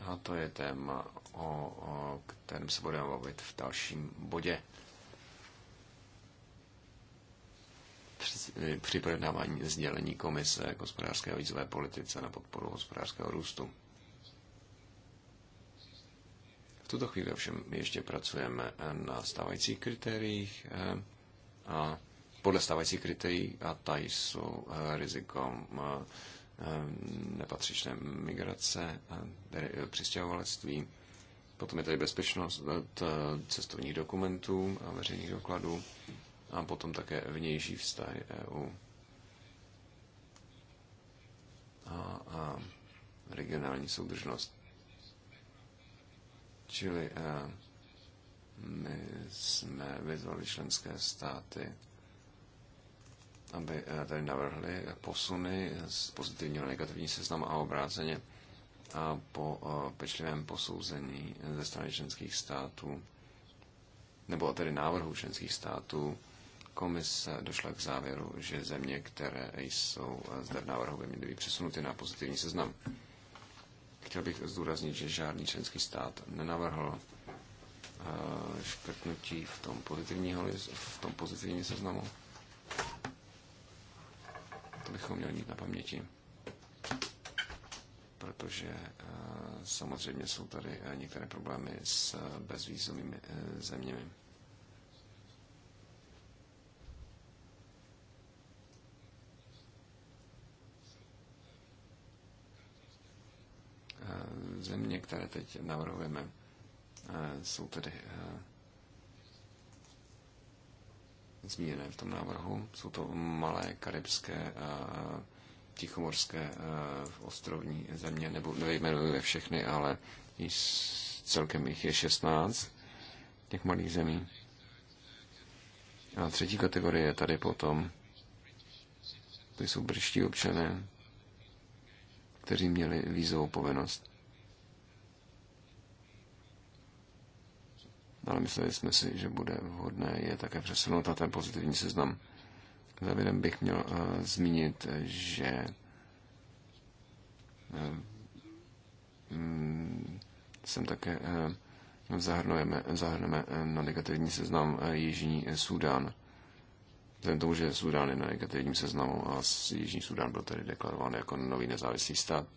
a to je téma, o, o kterém se budeme mluvit v dalším bodě. Eh, při projednávání sdělení Komise k hospodářské a vízové politice na podporu hospodářského růstu. V tuto chvíli ovšem ještě pracujeme eh, na stávajících kritériích eh, a podle stávajících kritérií a ta jsou rizikom nepatřičné migrace, tedy přistěhovalectví. Potom je tady bezpečnost cestovních dokumentů a veřejných dokladů a potom také vnější vztahy EU a, a regionální soudržnost. Čili a, e, my jsme vyzvali členské státy, aby e, tady navrhli posuny z pozitivního na negativní seznam a obráceně a po e, pečlivém posouzení ze strany členských států, nebo tedy návrhu členských států, komise došla k závěru, že země, které jsou zde v návrhu, by měly být přesunuty na pozitivní seznam. Chtěl bych zdůraznit, že žádný členský stát nenavrhl eh, škrtnutí v tom, pozitivního, v tom pozitivním seznamu. To bychom měli mít na paměti. Protože eh, samozřejmě jsou tady eh, některé problémy s bezvýzovými zeměmi. Eh, země, které teď navrhujeme, eh, jsou tedy eh, zmíněné v tom návrhu. Jsou to malé karibské a tichomorské ostrovní země, nebo nejmenuji je všechny, ale celkem jich je 16 těch malých zemí. A třetí kategorie je tady potom, to jsou britští občané, kteří měli vízovou povinnost. Ale mysleli jsme si, že bude vhodné je také přesunout na ten pozitivní seznam. Závěrem bych měl uh, zmínit, že uh, eh, mm, sem také uh, zahrnujeme, zahrneme na negativní seznam Jižní Súdán ten tomu, že Sudán je na negativním seznamu a Jižní Sudán byl tedy deklarován jako nový nezávislý stát,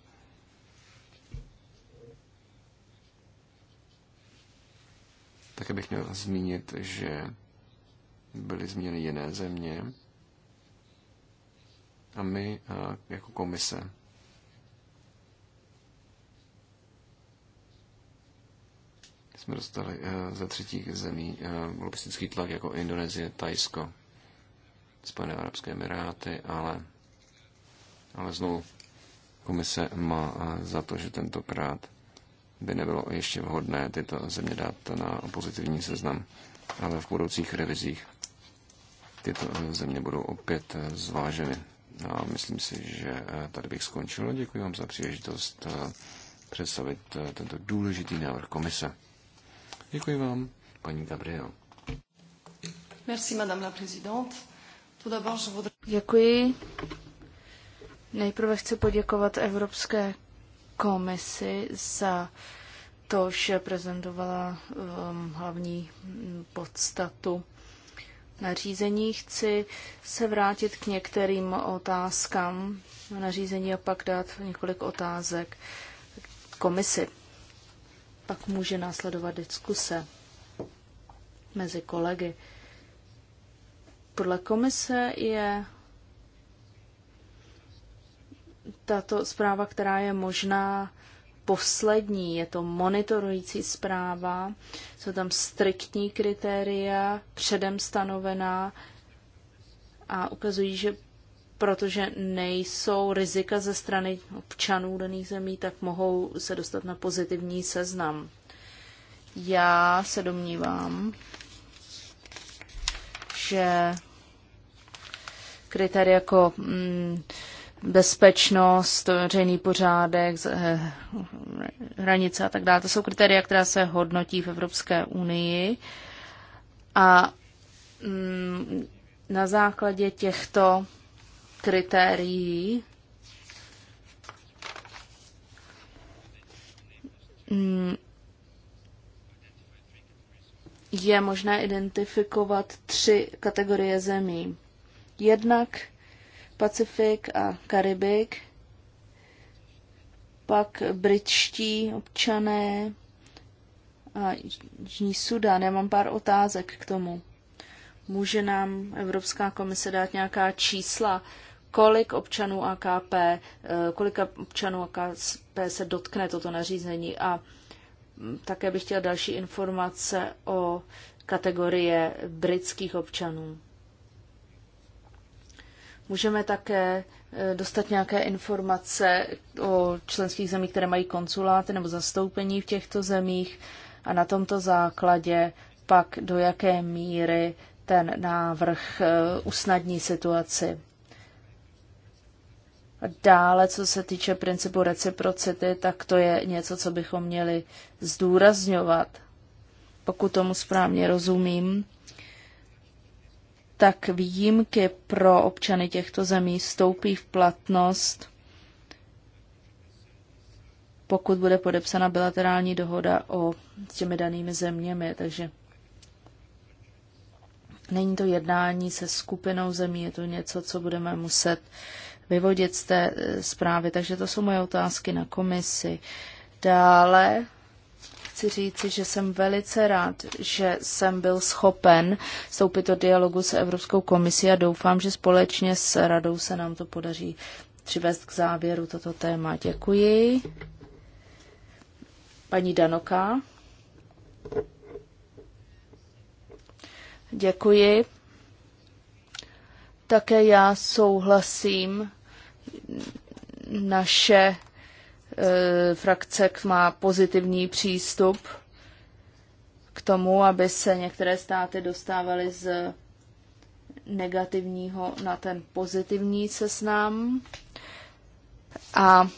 Také bych měl zmínit, že byly změny jiné země a my eh, jako komise jsme dostali eh, ze třetích zemí eh, lobistický tlak jako Indonésie, Tajsko. Spojené Arabské Emiráty, ale, ale znovu komise má eh, za to, že tentokrát by nebylo ještě vhodné tyto země dát na pozitivní seznam, ale v budoucích revizích tyto eh, země budou opět eh, zváženy. No a myslím si, že tady bych skončil. Děkuji vám za příležitost představit tento důležitý návrh komise. Děkuji vám, paní Gabriel. Merci, madame la présidente. Děkuji. Nejprve chci poděkovat Evropské komisi za to, že prezentovala um, hlavní mm, podstatu nařízení. Chci se vrátit k některým otázkám nařízení a pak dát několik otázek komisi. Pak může následovat diskuse mezi kolegy. Podle komise je tato zpráva, která je možná poslední, je to monitorující zpráva, jsou tam striktní kritéria, předem stanovená a ukazují, že protože nejsou rizika ze strany občanů daných zemí, tak mohou se dostat na pozitivní seznam. Já se domnívám, že kritéria jako mm, bezpečnost, veřejný pořádek, eh, hranice a tak dále. To jsou kritéria, která se hodnotí v Evropské unii. A mm, na základě těchto kritérií mm, je možné identifikovat tři kategorie zemí. Jednak Pacifik a Karibik, pak britští občané a Jižní Sudan. Já mám pár otázek k tomu. Může nám Evropská komise dát nějaká čísla, kolik občanů AKP, eh, kolika občanů AKP se dotkne toto nařízení a mm, také bych chtěla další informace o kategorie britských občanů. Můžeme také eh, dostat nějaké informace o členských zemích, které mají konsuláty nebo zastoupení v těchto zemích a na tomto základě pak do jaké míry ten návrh eh, usnadní situaci. Dále, co se týče principu reciprocity, tak to je něco, co bychom měli zdůrazňovat, pokud tomu správně rozumím tak výjimky pro občany těchto zemí vstoupí v platnost, pokud bude podepsána bilaterální dohoda o s těmi danými zeměmi. Takže není to jednání se skupinou zemí, je to něco, co budeme muset vyvodit z té eh, zprávy. Takže to jsou moje otázky na komisi. Dále chci říci, že jsem velice rád, že jsem byl schopen vstoupit do dialogu s Evropskou komisí a doufám, že společně s radou se nám to podaří přivést k závěru toto téma. Děkuji. Paní Danoka. Děkuji. Také já souhlasím. Naše Eh, frakce má pozitivní přístup k tomu, aby se některé státy dostávaly z negativního na ten pozitivní seznam. A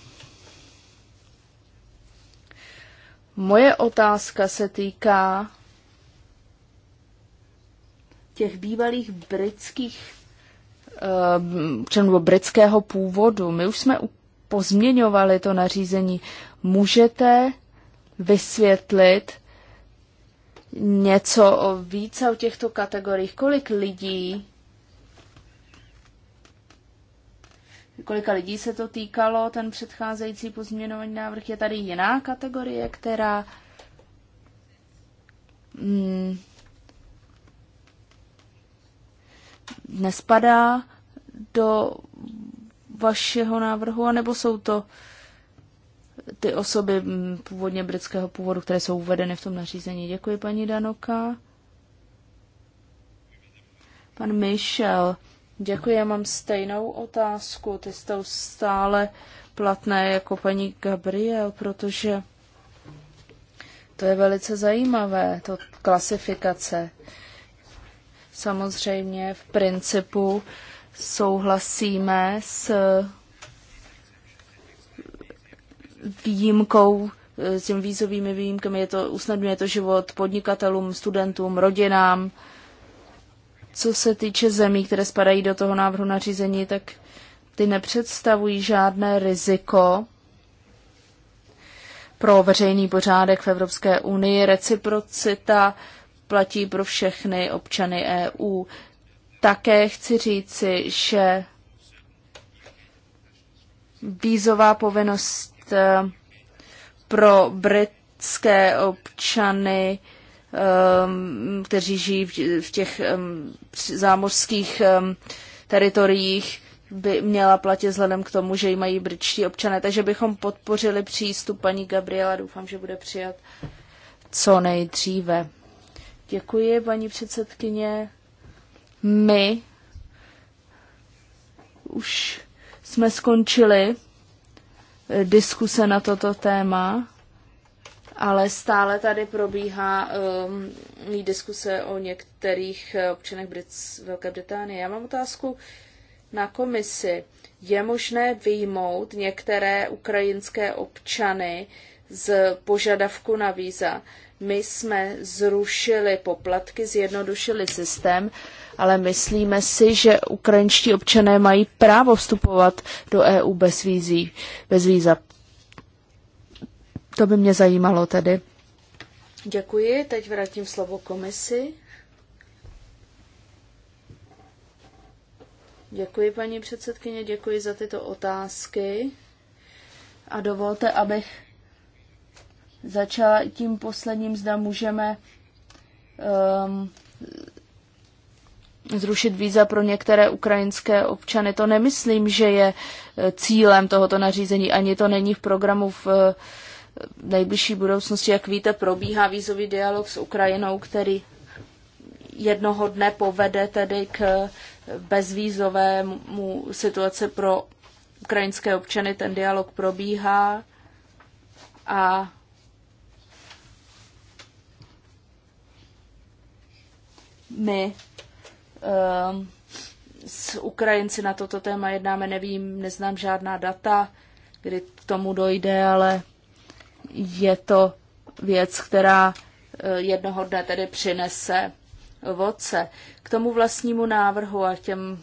moje otázka se týká těch bývalých britských eh, členů britského původu. My už jsme pozměňovali to nařízení. Můžete vysvětlit něco o více o těchto kategoriích? Kolik lidí kolika lidí se to týkalo, ten předcházející pozměňovaný návrh. Je tady jiná kategorie, která hmm, nespadá do vašeho návrhu, anebo jsou to ty osoby mm, původně britského původu, které jsou uvedeny v tom nařízení? Děkuji, paní Danoka. Pan Michel, děkuji, já mám stejnou otázku. Ty jsou stále platné jako paní Gabriel, protože to je velice zajímavé, to klasifikace. Samozřejmě v principu souhlasíme s výjimkou, s těmi vízovými výjimkami, je to, usnadňuje to život podnikatelům, studentům, rodinám. Co se týče zemí, které spadají do toho návrhu nařízení, tak ty nepředstavují žádné riziko pro veřejný pořádek v Evropské unii. Reciprocita platí pro všechny občany EU. Také chci říci, že vízová povinnost eh, pro britské občany, ehm, kteří žijí v těch ehm, zámořských ehm, teritoriích, by měla platit vzhledem k tomu, že ji mají britští občané. Takže bychom podpořili přístup paní Gabriela. Doufám, že bude přijat co nejdříve. Děkuji, paní předsedkyně. My už jsme skončili eh, diskuse na toto téma, ale stále tady probíhá um, diskuse o některých eh, občanech Brits, Velké Británie. Já mám otázku na komisi. Je možné vyjmout některé ukrajinské občany z požadavku na víza? My jsme zrušili poplatky, zjednodušili systém. Uh, ale myslíme si, že ukrajinští občané mají právo vstupovat do EU bez, vízí, bez víza. To by mě zajímalo tedy. Děkuji, teď vrátím slovo komisi. Děkuji, paní předsedkyně, děkuji za tyto otázky. A dovolte, abych začala tím posledním, zda můžeme um, zrušit víza pro některé ukrajinské občany. To nemyslím, že je e, cílem tohoto nařízení, ani to není v programu v e, nejbližší budoucnosti. Jak víte, probíhá vízový dialog s Ukrajinou, který jednoho dne povede tedy k e, bezvízovému situaci pro ukrajinské občany. Ten dialog probíhá a my Ehm, s Ukrajinci na toto téma jednáme, nevím, neznám žádná data, kdy k tomu dojde, ale je to věc, která eh, jednoho dne tedy přinese ovoce. K tomu vlastnímu návrhu a těm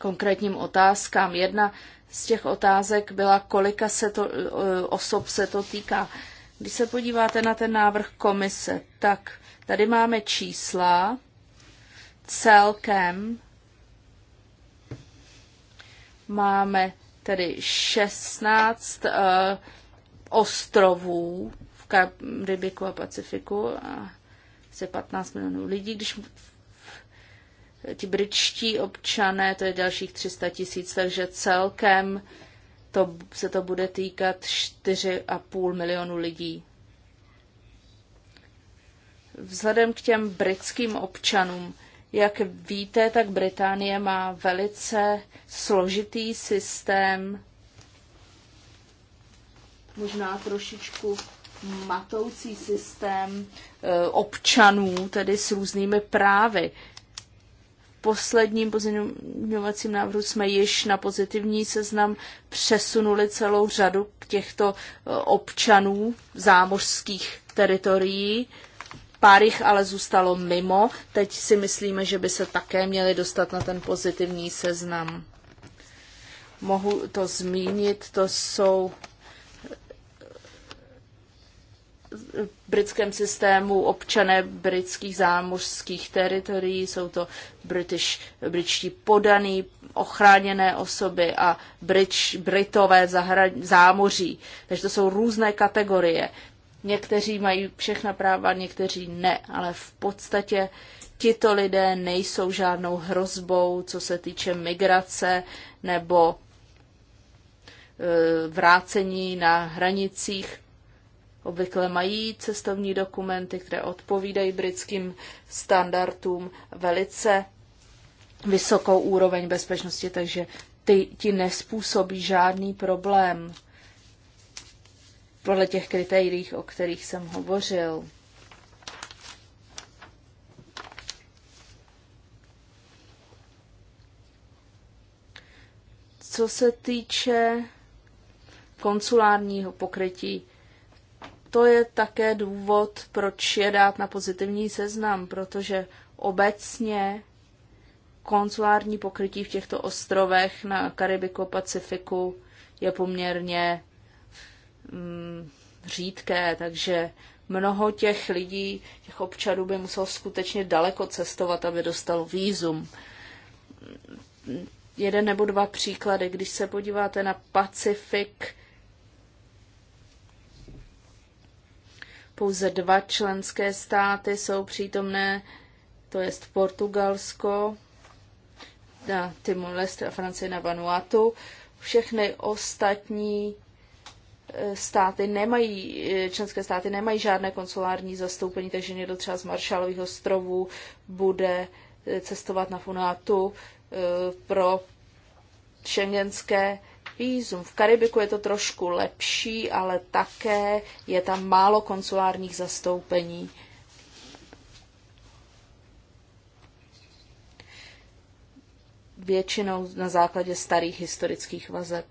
konkrétním otázkám. Jedna z těch otázek byla, kolika se to, eh, osob se to týká. Když se podíváte na ten návrh komise, tak tady máme čísla, celkem máme tedy 16 uh, eh, ostrovů v Karibiku a Pacifiku a se 15 milionů lidí, když ti britští občané, to je dalších 300 tisíc, takže celkem to, se to bude týkat 4,5 milionu lidí. Vzhledem k těm britským občanům, jak víte, tak Británie má velice složitý systém, možná trošičku matoucí systém eh, občanů, tedy s různými právy. V posledním pozměňovacím návrhu jsme již na pozitivní seznam přesunuli celou řadu těchto eh, občanů zámořských teritorií. Pár jich ale zůstalo mimo. Teď si myslíme, že by se také měli dostat na ten pozitivní seznam. Mohu to zmínit, to jsou eh, v britském systému občané britských zámořských teritorií, jsou to British, britští podaný, ochráněné osoby a Brit, Britové zahra, zámoří. Takže to jsou různé kategorie. Někteří mají všechna práva, někteří ne, ale v podstatě tito lidé nejsou žádnou hrozbou, co se týče migrace nebo e, vrácení na hranicích. Obvykle mají cestovní dokumenty, které odpovídají britským standardům velice vysokou úroveň bezpečnosti, takže ty, ti nespůsobí žádný problém podle těch kritérií, o kterých jsem hovořil. Co se týče konsulárního pokrytí, to je také důvod, proč je dát na pozitivní seznam, protože obecně konsulární pokrytí v těchto ostrovech na Karibiku a Pacifiku je poměrně Mm, řídké, takže mnoho těch lidí, těch občanů by muselo skutečně daleko cestovat, aby dostal výzum. Jeden nebo dva příklady. Když se podíváte na Pacifik, pouze dva členské státy jsou přítomné, to je Portugalsko, na Timor-Leste a Francie na Vanuatu. Všechny ostatní státy nemají, členské státy nemají žádné konsulární zastoupení, takže někdo třeba z Maršálových ostrovů bude eh, cestovat na Funátu eh, pro šengenské vízum. V Karibiku je to trošku lepší, ale také je tam málo konsulárních zastoupení. Většinou na základě starých historických vazeb.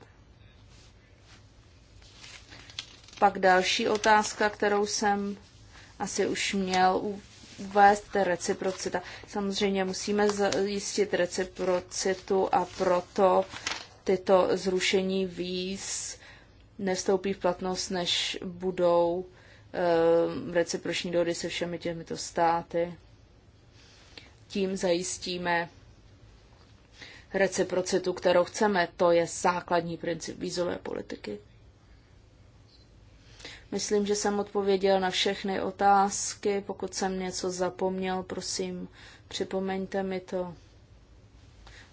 Pak další otázka, kterou jsem asi už měl uvést, to reciprocita. Samozřejmě musíme zjistit reciprocitu a proto tyto zrušení víz nevstoupí v platnost, než budou e, reciproční dohody se všemi těmito státy. Tím zajistíme reciprocitu, kterou chceme. To je základní princip vízové politiky. Myslím, že jsem odpověděl na všechny otázky. Pokud jsem něco zapomněl, prosím, připomeňte mi to.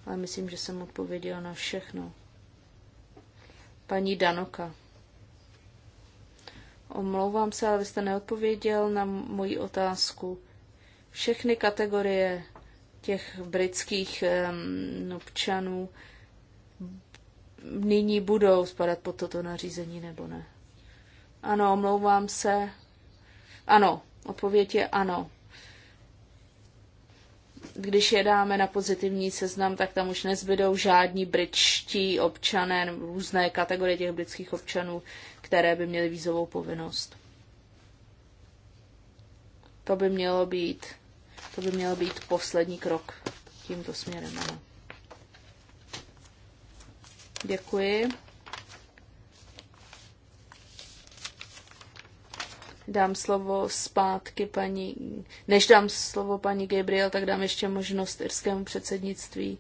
Ale myslím, že jsem odpověděl na všechno. Paní Danoka. Omlouvám se, ale vy jste neodpověděl na moji otázku. Všechny kategorie těch britských um, občanů nyní budou spadat pod toto nařízení nebo ne? Ano, omlouvám se. Ano, odpověď je ano. Když je dáme na pozitivní seznam, tak tam už nezbydou žádní britští občané, různé kategorie těch britských občanů, které by měly vízovou povinnost. To by mělo být, to by mělo být poslední krok tímto směrem. Ano. Děkuji. dám slovo zpátky paní, než dám slovo paní Gabriel, tak dám ještě možnost irskému předsednictví.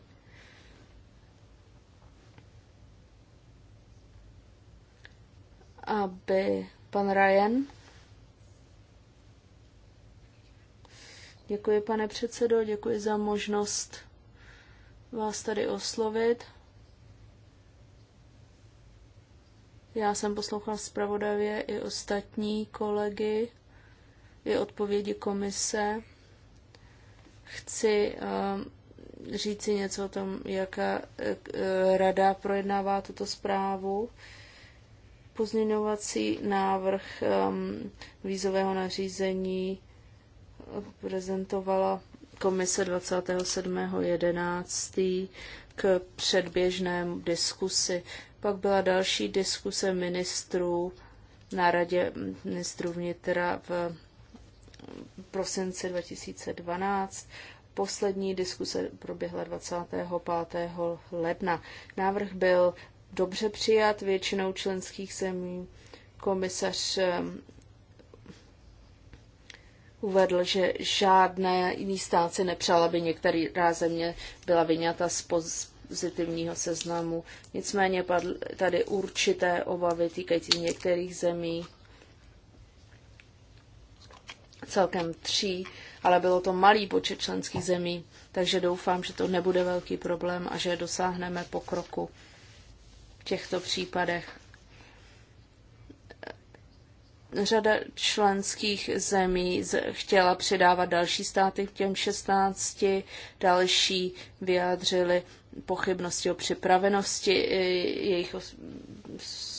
Aby pan Ryan. Děkuji, pane předsedo, děkuji za možnost vás tady oslovit. Já jsem poslouchala zpravodavě i ostatní kolegy, i odpovědi komise. Chci uh, říci něco o tom, jaká uh, eh, eh, rada projednává tuto zprávu. Pozměňovací návrh um, vízového nařízení eh, prezentovala komise 27.11 k předběžnému diskusi. Pak byla další diskuse ministrů na radě ministrů vnitra v prosinci 2012. Poslední diskuse proběhla 25. ledna. Návrh byl dobře přijat většinou členských zemí. Komisař uvedl, že žádné jiný stát si nepřál, aby některá země byla vyňata z pozitivního seznamu. Nicméně padl tady určité obavy týkající některých zemí, celkem tří, ale bylo to malý počet členských zemí, takže doufám, že to nebude velký problém a že dosáhneme pokroku v těchto případech. Řada členských zemí chtěla předávat další státy k těm 16, další vyjádřili pochybnosti o připravenosti jejich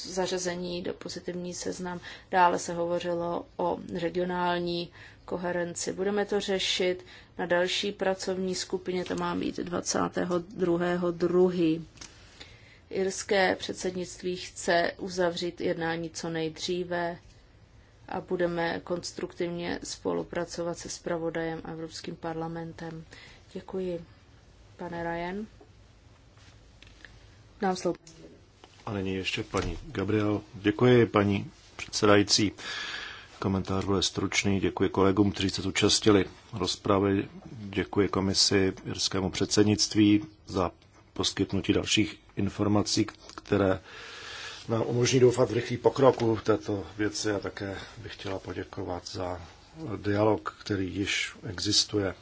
zařazení do pozitivní seznam. Dále se hovořilo o regionální koherenci. Budeme to řešit na další pracovní skupině, to má být 22.2. Irské předsednictví chce uzavřít jednání co nejdříve a budeme konstruktivně spolupracovat se spravodajem a Evropským parlamentem. Děkuji, pane Ryan. Dám slovo. A nyní ještě paní Gabriel. Děkuji, paní předsedající. Komentář bude stručný. Děkuji kolegům, kteří se zúčastnili rozpravy. Děkuji komisi Jirskému předsednictví za poskytnutí dalších informací, které nám umožní doufat v rychlý pokroku v této věci a také bych chtěla poděkovat za dialog, který již existuje.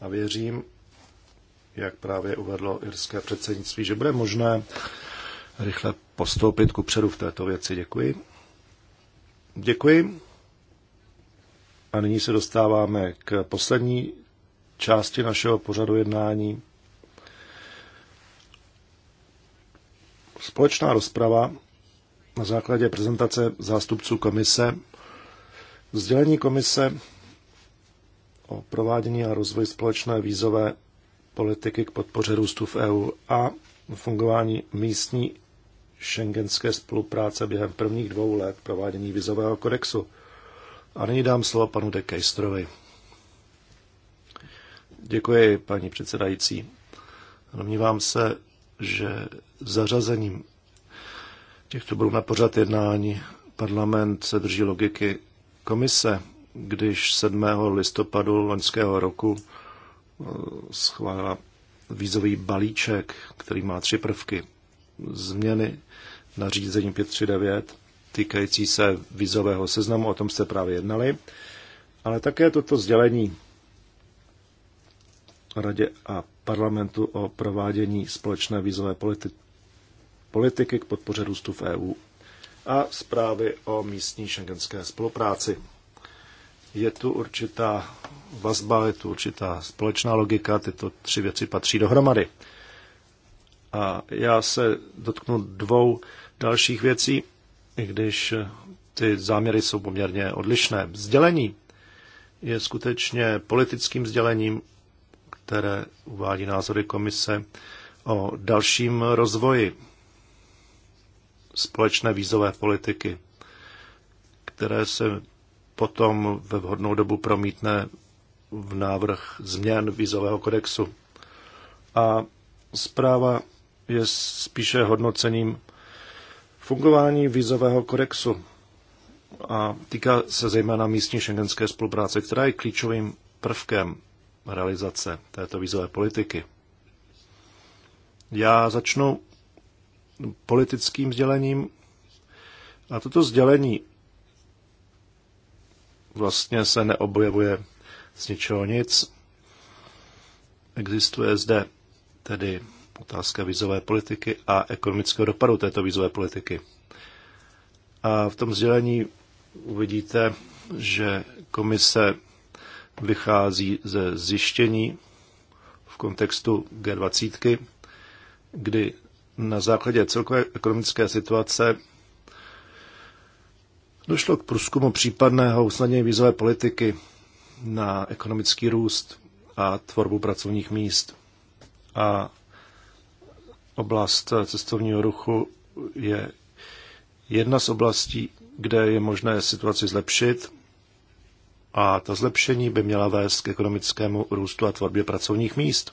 A věřím, jak právě uvedlo irské předsednictví, že bude možné rychle postoupit ku předu v této věci. Děkuji. Děkuji. A nyní se dostáváme k poslední části našeho pořadu jednání. Společná rozprava na základě prezentace zástupců komise, vzdělení komise o provádění a rozvoji společné vízové politiky k podpoře růstu v EU a fungování místní šengenské spolupráce během prvních dvou let provádění vizového kodexu. A nyní dám slovo panu de Kejstrovi. Děkuji, paní předsedající. Domnívám se, že zařazením těchto bodů na pořad jednání. Parlament se drží logiky komise, když 7. listopadu loňského roku eh, schválila vízový balíček, který má tři prvky. Změny nařízení 539 týkající se vízového seznamu, o tom jste právě jednali, ale také toto sdělení Radě a parlamentu o provádění společné vízové politi- politiky k podpoře růstu v EU a zprávy o místní šengenské spolupráci. Je tu určitá vazba, je tu určitá společná logika, tyto tři věci patří dohromady. A já se dotknu dvou dalších věcí, i když ty záměry jsou poměrně odlišné. Vzdělení je skutečně politickým vzdělením, které uvádí názory komise o dalším rozvoji společné vízové politiky, které se potom ve vhodnou dobu promítne v návrh změn vízového kodexu. A zpráva je spíše hodnocením fungování vízového kodexu a týká se zejména místní šengenské spolupráce, která je klíčovým prvkem realizace této vízové politiky. Já začnu politickým sdělením. A toto sdělení vlastně se neobjevuje z ničeho nic. Existuje zde tedy otázka vizové politiky a ekonomického dopadu této vizové politiky. A v tom sdělení uvidíte, že komise vychází ze zjištění v kontextu G20, kdy na základě celkové ekonomické situace došlo k průzkumu případného usnadnění vízové politiky na ekonomický růst a tvorbu pracovních míst. A oblast cestovního ruchu je jedna z oblastí, kde je možné situaci zlepšit a ta zlepšení by měla vést k ekonomickému růstu a tvorbě pracovních míst.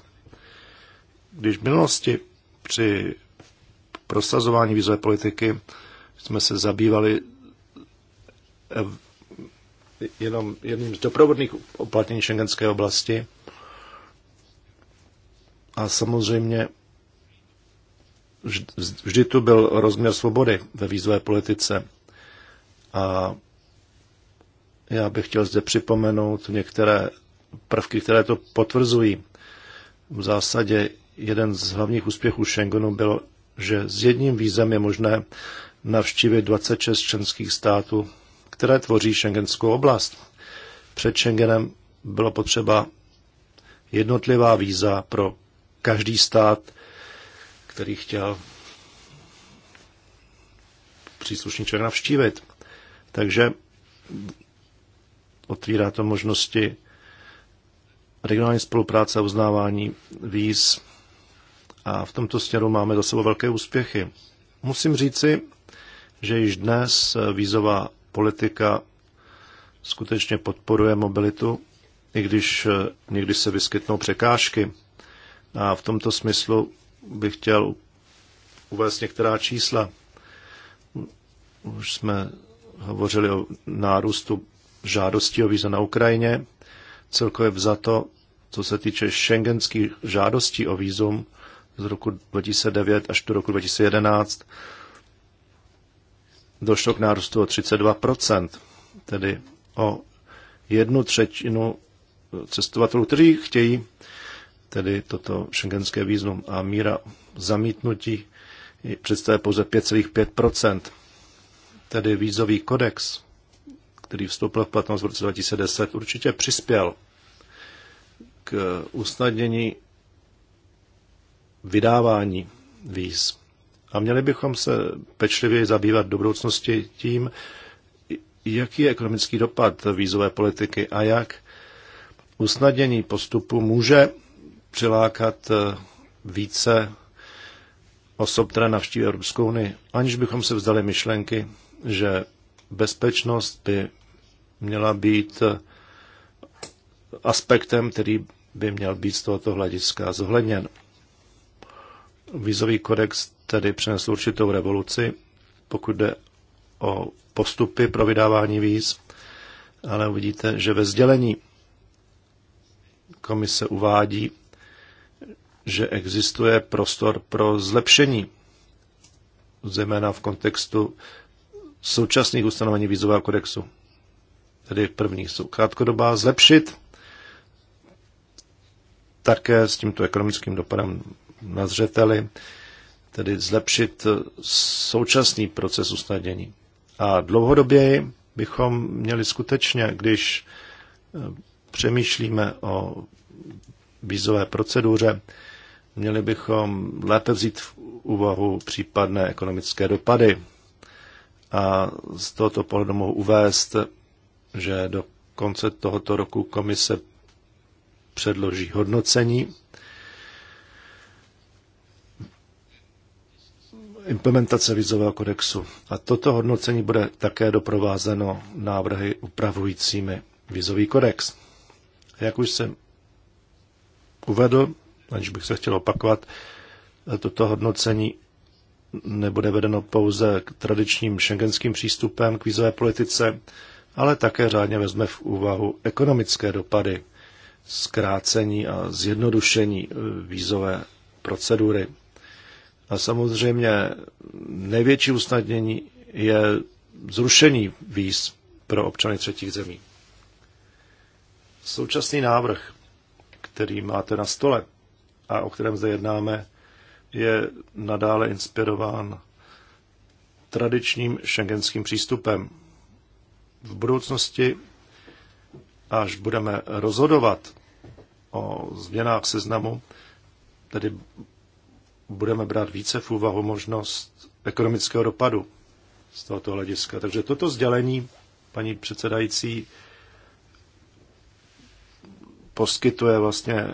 Když v minulosti při prosazování vízové politiky jsme se zabývali eh, jenom jedním z doprovodných uplatnění šengenské oblasti. A samozřejmě vždy tu byl rozměr svobody ve vízové politice. A já bych chtěl zde připomenout některé prvky, které to potvrzují. V zásadě jeden z hlavních úspěchů Schengenu byl že s jedním vízem je možné navštívit 26 členských států, které tvoří šengenskou oblast. Před Schengenem bylo potřeba jednotlivá víza pro každý stát, který chtěl příslušný člověk navštívit. Takže otvírá to možnosti regionální spolupráce a uznávání víz a v tomto směru máme za sebou velké úspěchy. Musím říci, že již dnes vízová politika skutečně podporuje mobilitu, i když eh, někdy se vyskytnou překážky. A v tomto smyslu bych chtěl uvést některá čísla. Už jsme hovořili o nárůstu žádostí o víza na Ukrajině. Celkově vzato, co se týče šengenských žádostí o vízum, z roku 2009 až do roku 2011 došlo k nárůstu o 32%, tedy o jednu třetinu cestovatelů, kteří chtějí tedy toto šengenské význam a míra zamítnutí představuje pouze 5,5%. Tedy vízový kodex, který vstoupil v platnost v roce 2010, určitě přispěl k usnadnění vydávání víz. A měli bychom se pečlivě zabývat do budoucnosti tím, jaký je ekonomický dopad vízové politiky a jak usnadnění postupu může přilákat eh, více osob, které navštíví Evropskou unii, aniž bychom se vzdali myšlenky, že bezpečnost by měla být eh, aspektem, který by měl být z tohoto hlediska zohledněn. Vízový kodex tedy přinesl určitou revoluci, pokud jde o postupy pro vydávání víz, ale uvidíte, že ve sdělení komise uvádí, že existuje prostor pro zlepšení, zejména v kontextu současných ustanovení vízového kodexu. Tedy první jsou krátkodobá zlepšit také s tímto ekonomickým dopadem na zřeteli, tedy zlepšit současný proces usnadnění. A dlouhodoběji bychom měli skutečně, když eh, přemýšlíme o vízové proceduře, měli bychom lépe vzít v úvahu případné ekonomické dopady. A z tohoto pohledu mohu uvést, že do konce tohoto roku komise předloží hodnocení implementace vizového kodexu. A toto hodnocení bude také doprovázeno návrhy upravujícími vizový kodex. Jak už jsem uvedl, aniž bych se chtěl opakovat, toto hodnocení nebude vedeno pouze k tradičním šengenským přístupem k vízové politice, ale také řádně vezme v úvahu ekonomické dopady, zkrácení a zjednodušení eh, vízové procedury. A samozřejmě největší usnadnění je zrušení víz pro občany třetích zemí. Současný návrh, který máte na stole a o kterém zde jednáme, je nadále inspirován tradičním šengenským přístupem. V budoucnosti, až budeme rozhodovat o změnách seznamu, tedy budeme brát více v úvahu možnost ekonomického dopadu z tohoto hlediska. Takže toto sdělení, paní předsedající, poskytuje vlastně eh,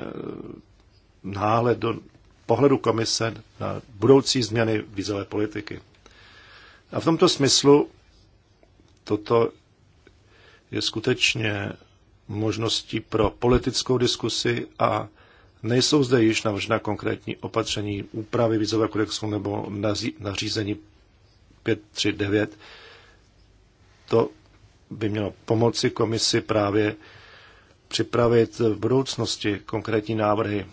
náhled do pohledu komise na budoucí změny vízové politiky. A v tomto smyslu toto je skutečně možností pro politickou diskusi a Nejsou zde již navržena konkrétní opatření úpravy vízového kodexu nebo nařízení 539. To by mělo pomoci komisi právě připravit v budoucnosti konkrétní návrhy,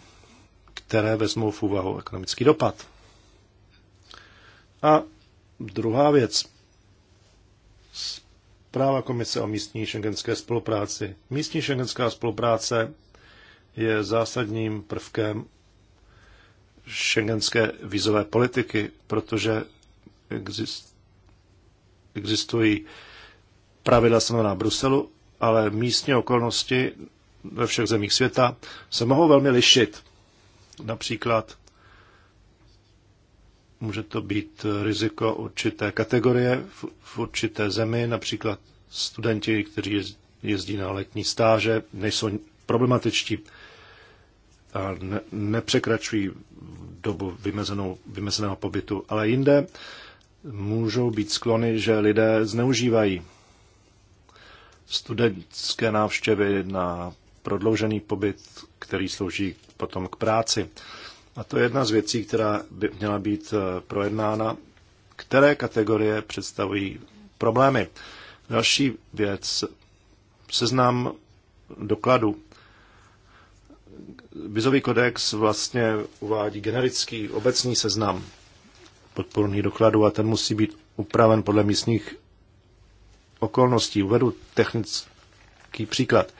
které vezmou v úvahu ekonomický dopad. A druhá věc. Zpráva komise o místní šengenské spolupráci. Místní šengenská spolupráce je zásadním prvkem šengenské vízové politiky, protože existují pravidla na Bruselu, ale místní okolnosti ve všech zemích světa se mohou velmi lišit. Například může to být riziko určité kategorie v určité zemi, například studenti, kteří jezdí na letní stáže, nejsou problematičtí a ne, nepřekračují dobu vymezenou, vymezeného pobytu. Ale jinde můžou být sklony, že lidé zneužívají studentské návštěvy na prodloužený pobyt, který slouží potom k práci. A to je jedna z věcí, která by měla být eh, projednána, které kategorie představují problémy. Další věc, seznam dokladů. Vizový kodex vlastně uvádí generický obecný seznam podporných dokladů a ten musí být upraven podle místních okolností. Uvedu technický příklad.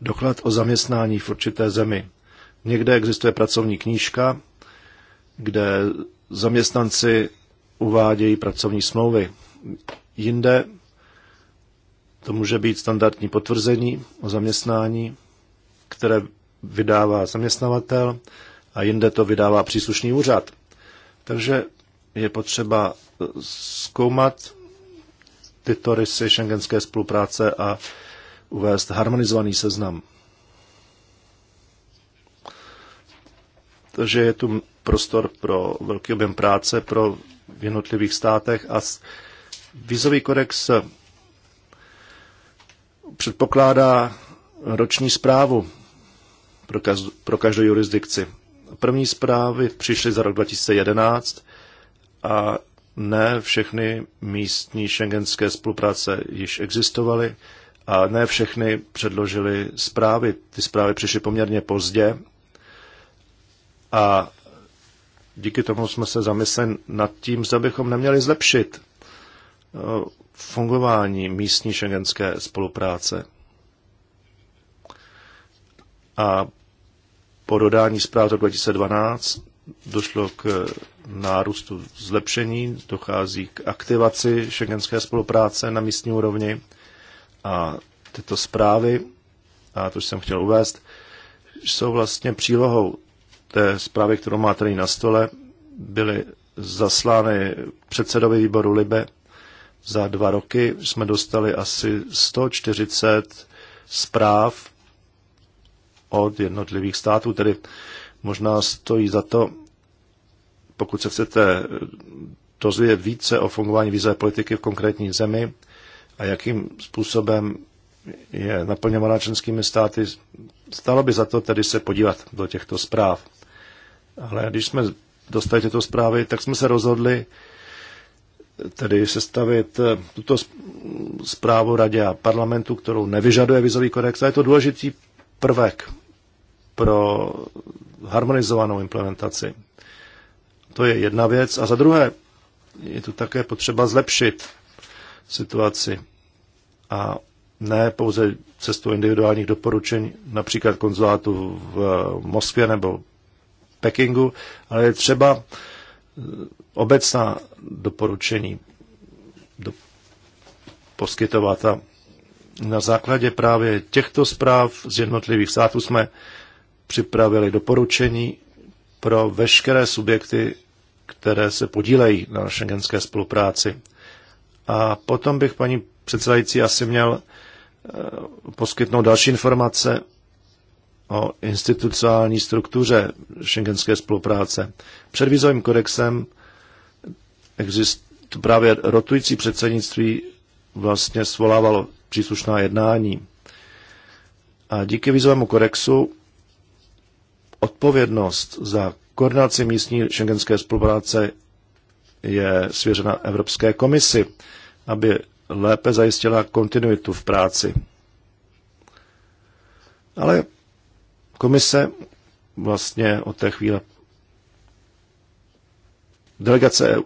Doklad o zaměstnání v určité zemi. Někde existuje pracovní knížka, kde zaměstnanci uvádějí pracovní smlouvy. Jinde to může být standardní potvrzení o zaměstnání, které vydává zaměstnavatel a jinde to vydává příslušný úřad. Takže je potřeba eh, zkoumat tyto rysy šengenské spolupráce a uvést harmonizovaný seznam. Takže je tu prostor pro velký objem práce pro v jednotlivých státech a vízový kodex eh, předpokládá roční zprávu pro, kaz, pro každou jurisdikci. První zprávy přišly za rok 2011 a ne všechny místní šengenské spolupráce již existovaly a ne všechny předložily zprávy. Ty zprávy přišly poměrně pozdě a díky tomu jsme se zamysleli nad tím, zda bychom neměli zlepšit eh, fungování místní šengenské spolupráce a po dodání zpráv roku 2012 došlo k nárůstu zlepšení, dochází k aktivaci šengenské spolupráce na místní úrovni a tyto zprávy, a to jsem chtěl uvést, jsou vlastně přílohou té zprávy, kterou má tady na stole, byly zaslány předsedovi výboru Libe. Za dva roky jsme dostali asi 140 zpráv od jednotlivých států. Tedy možná stojí za to, pokud se chcete dozvědět více o fungování vízové politiky v konkrétní zemi a jakým způsobem je naplňovaná členskými státy, stalo by za to tedy se podívat do těchto zpráv. Ale když jsme dostali tyto zprávy, tak jsme se rozhodli tedy sestavit eh, tuto zprávu radě a parlamentu, kterou nevyžaduje vizový kodex. A je to důležitý prvek pro harmonizovanou implementaci. To je jedna věc. A za druhé, je tu také potřeba zlepšit situaci. A ne pouze cestou individuálních doporučení, například konzulátu v Moskvě nebo Pekingu, ale je třeba eh, obecná doporučení do, poskytovat. A na základě právě těchto zpráv z jednotlivých států jsme připravili doporučení pro veškeré subjekty, které se podílejí na šengenské spolupráci. A potom bych, paní předsedající, asi měl eh, poskytnout další informace o institucionální struktuře šengenské spolupráce. Před vízovým kodexem exist, právě rotující předsednictví vlastně svolávalo příslušná jednání. A díky vízovému kodexu odpovědnost za koordinaci místní šengenské spolupráce je svěřena Evropské komisi, aby lépe zajistila kontinuitu v práci. Ale komise vlastně od té chvíle delegace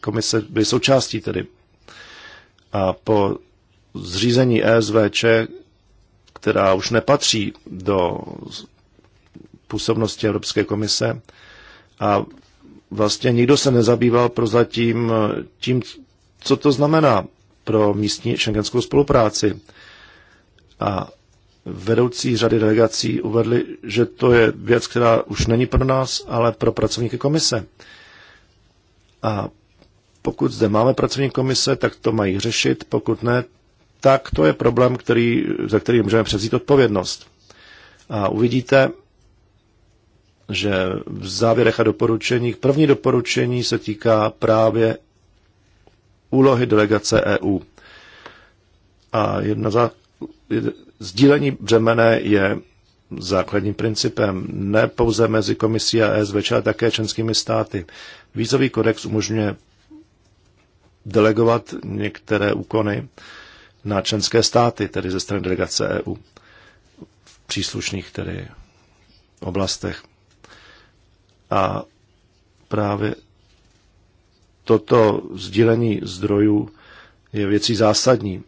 komise byly součástí tedy. A po zřízení ESVČ, která už nepatří do působnosti Evropské komise a vlastně nikdo se nezabýval prozatím eh, tím, co to znamená pro místní šengenskou spolupráci. A vedoucí řady delegací uvedli, že to je věc, která už není pro nás, ale pro pracovníky komise. A pokud zde máme pracovní komise, tak to mají řešit, pokud ne, tak to je problém, který, za který můžeme převzít odpovědnost. A uvidíte, že v závěrech a doporučeních, první doporučení se týká právě úlohy delegace EU. A jedna za, sdílení břemene je základním principem ne pouze mezi komisí a ESV, ale také členskými státy. Vízový kodex umožňuje delegovat některé úkony na členské státy, tedy ze strany delegace EU v příslušných tedy oblastech. A právě toto sdílení zdrojů je věcí zásadní.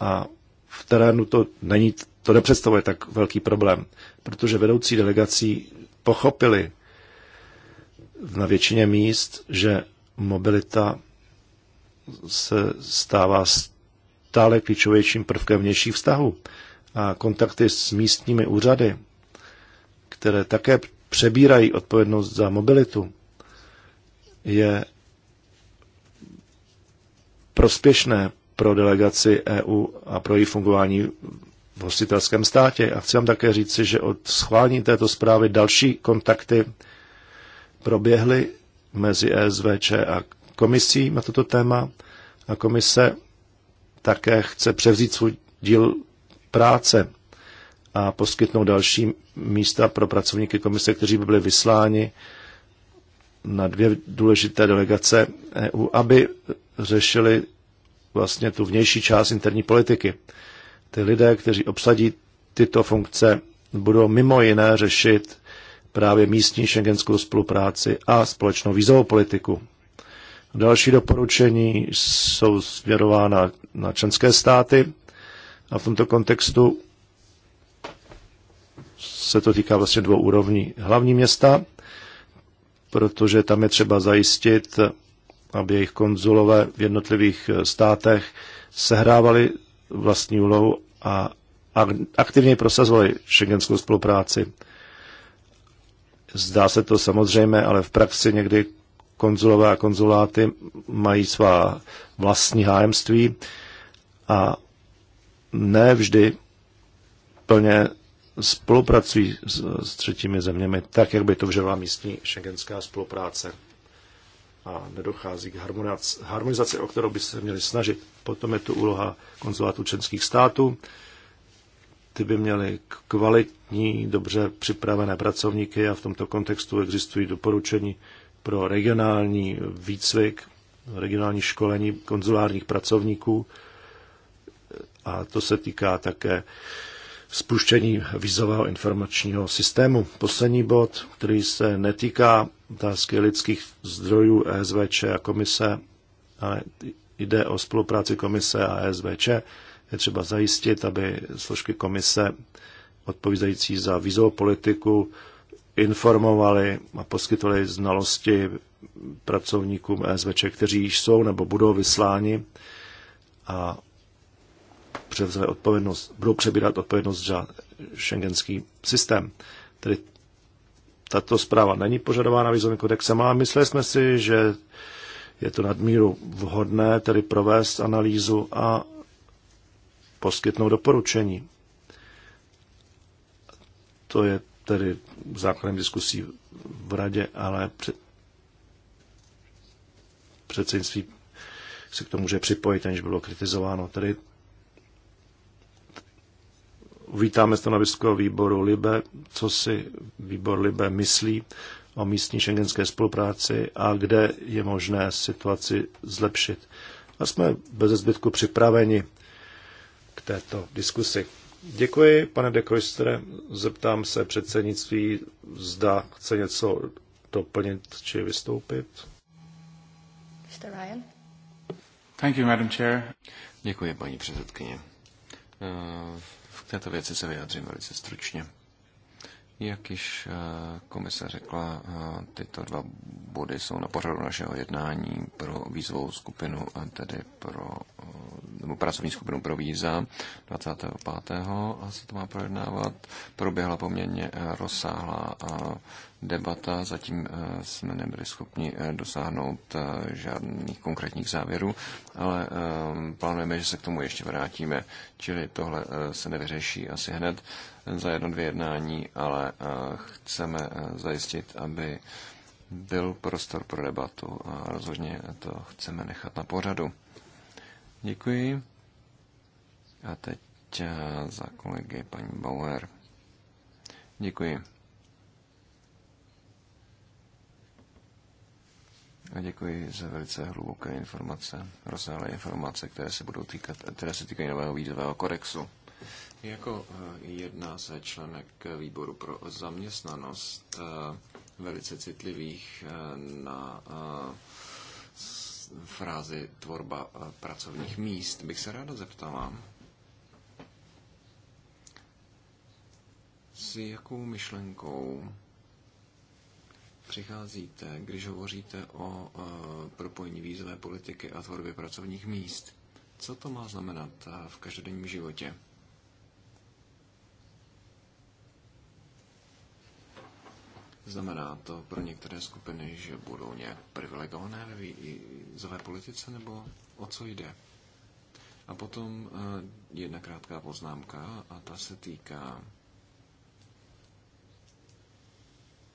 A v terénu to není, to nepředstavuje tak velký problém, protože vedoucí delegací pochopili na většině míst, že mobilita se stává stále klíčovějším prvkem vnějších vztahů a kontakty s místními úřady, které také přebírají odpovědnost za mobilitu, je prospěšné pro delegaci EU a pro její fungování v hostitelském státě. A chci vám také říci, že od schválení této zprávy další kontakty proběhly mezi ESVČ a komisí na toto téma a komise také chce převzít svůj díl práce a poskytnout další místa pro pracovníky komise, kteří by byli vysláni na dvě důležité delegace EU, aby řešili vlastně tu vnější část interní politiky. Ty lidé, kteří obsadí tyto funkce, budou mimo jiné řešit právě místní šengenskou spolupráci a společnou vízovou politiku. Další doporučení jsou směrována na členské státy a v tomto kontextu se to týká vlastně dvou úrovní. Hlavní města, protože tam je třeba zajistit, aby jejich konzulové v jednotlivých eh, státech sehrávali vlastní úlohu a aktivně prosazovali šengenskou spolupráci. Zdá se to samozřejmé, ale v praxi někdy konzulové a konzuláty mají svá vlastní hájemství a ne vždy plně spolupracují s, s třetími zeměmi tak, jak by to vžela místní šengenská spolupráce a nedochází k harmonizaci, o kterou by se měli snažit. Potom je tu úloha konzulátů členských států. Ty by měly kvalitní, dobře připravené pracovníky a v tomto kontextu existují doporučení pro regionální výcvik, regionální školení konzulárních pracovníků a to se týká také uh, spuštění vizového informačního systému. Poslední bod, který se netýká otázky lidských zdrojů ESVČ a komise, ale jde o spolupráci komise a ESVČ, je třeba zajistit, aby složky komise odpovídající za vizovou politiku informovali a poskytovali znalosti pracovníkům ESVČ, kteří již jsou nebo budou vysláni a převzme odpovědnost, budou přebírat odpovědnost za šengenský systém. Tedy tato zpráva není požadována výzovým kodexem, ale mysleli jsme si, že je to nadmíru vhodné tedy provést analýzu a poskytnout doporučení. To je tedy základem diskusí v radě, ale před, předsednictví se k tomu může připojit, aniž bylo kritizováno. Tedy Uvítáme stanovisko výboru Libe, co si výbor Libe myslí o místní šengenské spolupráci a kde je možné situaci zlepšit. A jsme bez zbytku připraveni k této diskusi. Děkuji, pane de Koister. Zeptám se předsednictví, zda chce něco doplnit či vystoupit. Mr. Ryan. Thank you, Madam Chair. Děkuji, paní předsedkyně. Uh této věci se vyjádřím velice stručně. Jak již eh, komise řekla, eh, tyto dva body jsou na pořadu našeho jednání pro výzvou skupinu, a tedy pro eh, nebo pracovní skupinu pro víza 25. a se to má projednávat. Proběhla poměrně rozsáhlá debata. Zatím eh, jsme nebyli schopni eh, dosáhnout eh, žádných konkrétních závěrů, ale plánujeme, že se k tomu ještě vrátíme. Čili tohle se nevyřeší asi hned za jedno, dvě jednání, ale chceme zajistit, aby byl prostor pro debatu a rozhodně to chceme nechat na pořadu. Děkuji. A teď za kolegy paní Bauer. Děkuji. A děkuji za velice hluboké informace, rozsáhlé informace, které se budou týkat, které se týkají nového výzového kodexu. Jako eh, jedna ze členek výboru pro zaměstnanost eh, velice citlivých eh, na frázi tvorba pracovních míst bych se ráda zeptala, s jakou myšlenkou přicházíte, když hovoříte o e, propojení vízové politiky a tvorbě pracovních míst? Co to má znamenat e, v každodenním životě? Znamená to pro některé skupiny, že budou nějak privilegované ve vízové politice, nebo o co jde? A potom e, jedna krátká poznámka, a ta se týká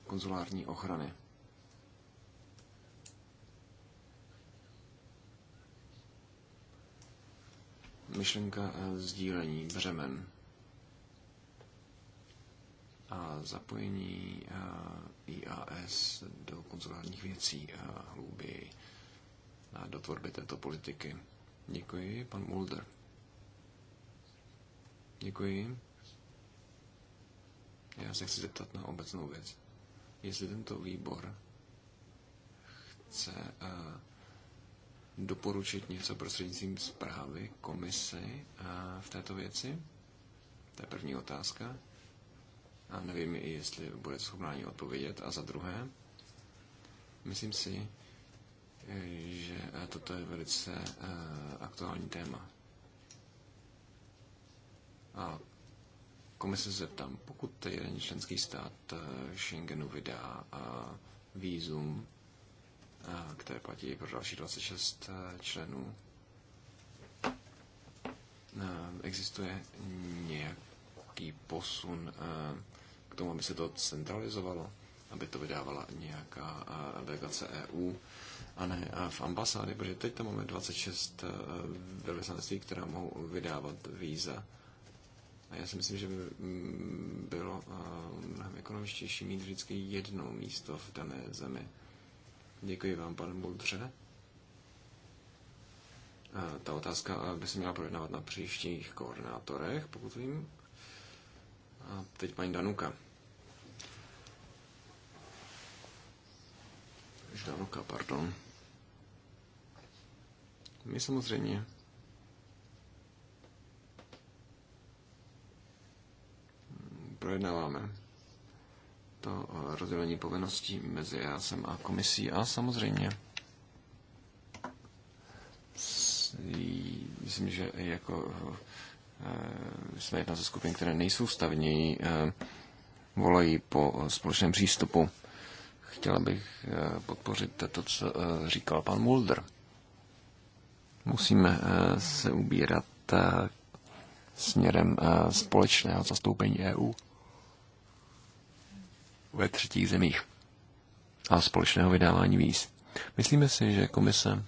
konzulární ochrany. Myšlenka eh, sdílení břemen a zapojení eh, IAS do konzulárních věcí a hlouběji a do tvorby této politiky. Děkuji, pan Mulder. Děkuji. Já se chci zeptat na obecnou věc jestli tento výbor chce eh, doporučit něco prostřednictvím zprávy komisi eh, v této věci? To je první otázka. A nevím, jestli bude schopná ní odpovědět. A za druhé, myslím si, že eh, toto je velice aktuální téma. A komise se zeptám, pokud jeden členský stát eh, Schengenu vydá eh, výzum, eh, které platí pro další 26 členů, existuje nějaký posun k tomu, aby se to centralizovalo, aby to vydávala nějaká delegace EU a ne v ambasády, protože teď tam máme 26 velvyslanectví, která mohou vydávat víza a já si myslím, že by mm, bylo eh, mnohem ekonomičtější mít vždycky jedno místo v dané zemi. Děkuji vám, pane Boldře. Eh, ta otázka eh, by se měla projednávat na příštích koordinátorech, pokud vím. A teď paní Danuka. Danuka, pardon. My samozřejmě projednáváme. To eh, rozdělení povinností mezi EASem a komisí a samozřejmě myslím, že jako eh, jsme jedna ze skupin, které nejsou stavní, eh, volají po společném přístupu. Chtěla bych podpořit to, co říkal pan Mulder. Musíme se ubírat směrem společného zastoupení EU ve třetích zemích a společného vydávání víz. Myslíme si, že komise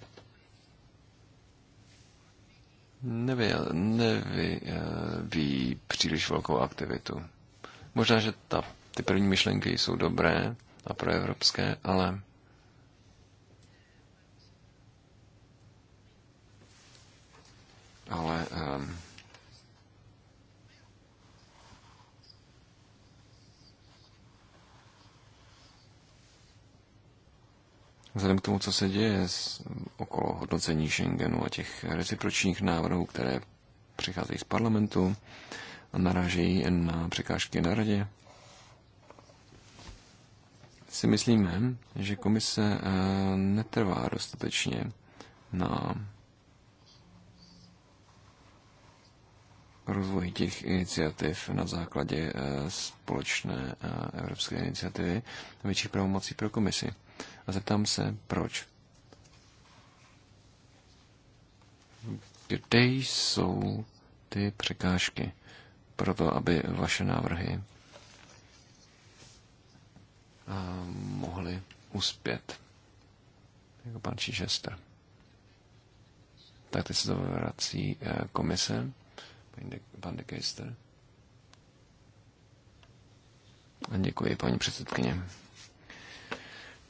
neví příliš velkou aktivitu. Možná, že ta, ty první myšlenky jsou dobré a proevropské, ale ale um, Vzhledem k tomu, co se děje okolo hodnocení Schengenu a těch recipročních návrhů, které přicházejí z parlamentu, narážejí na překážky na radě, si myslíme, že komise eh, netrvá dostatečně na rozvoji těch iniciativ na základě eh, společné eh, evropské iniciativy větších pravomocí pro komisi. A zeptám se, proč. Kde jsou ty překážky pro to, aby vaše návrhy mohly uspět? Jako pan Čižester. Tak teď se to vrací e, komise, pan de Keister. Děkuji, paní předsedkyně.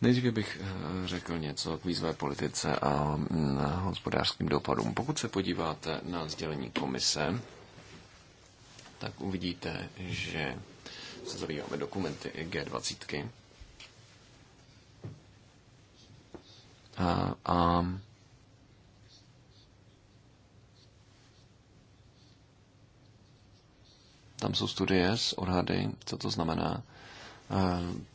Nejdříve bych eh, řekl něco k výzvé politice a mm, hospodářským dopadům. Pokud se podíváte na sdělení komise, tak uvidíte, že se zabýváme dokumenty G20. A, a tam jsou studie s odhady, co to znamená eh,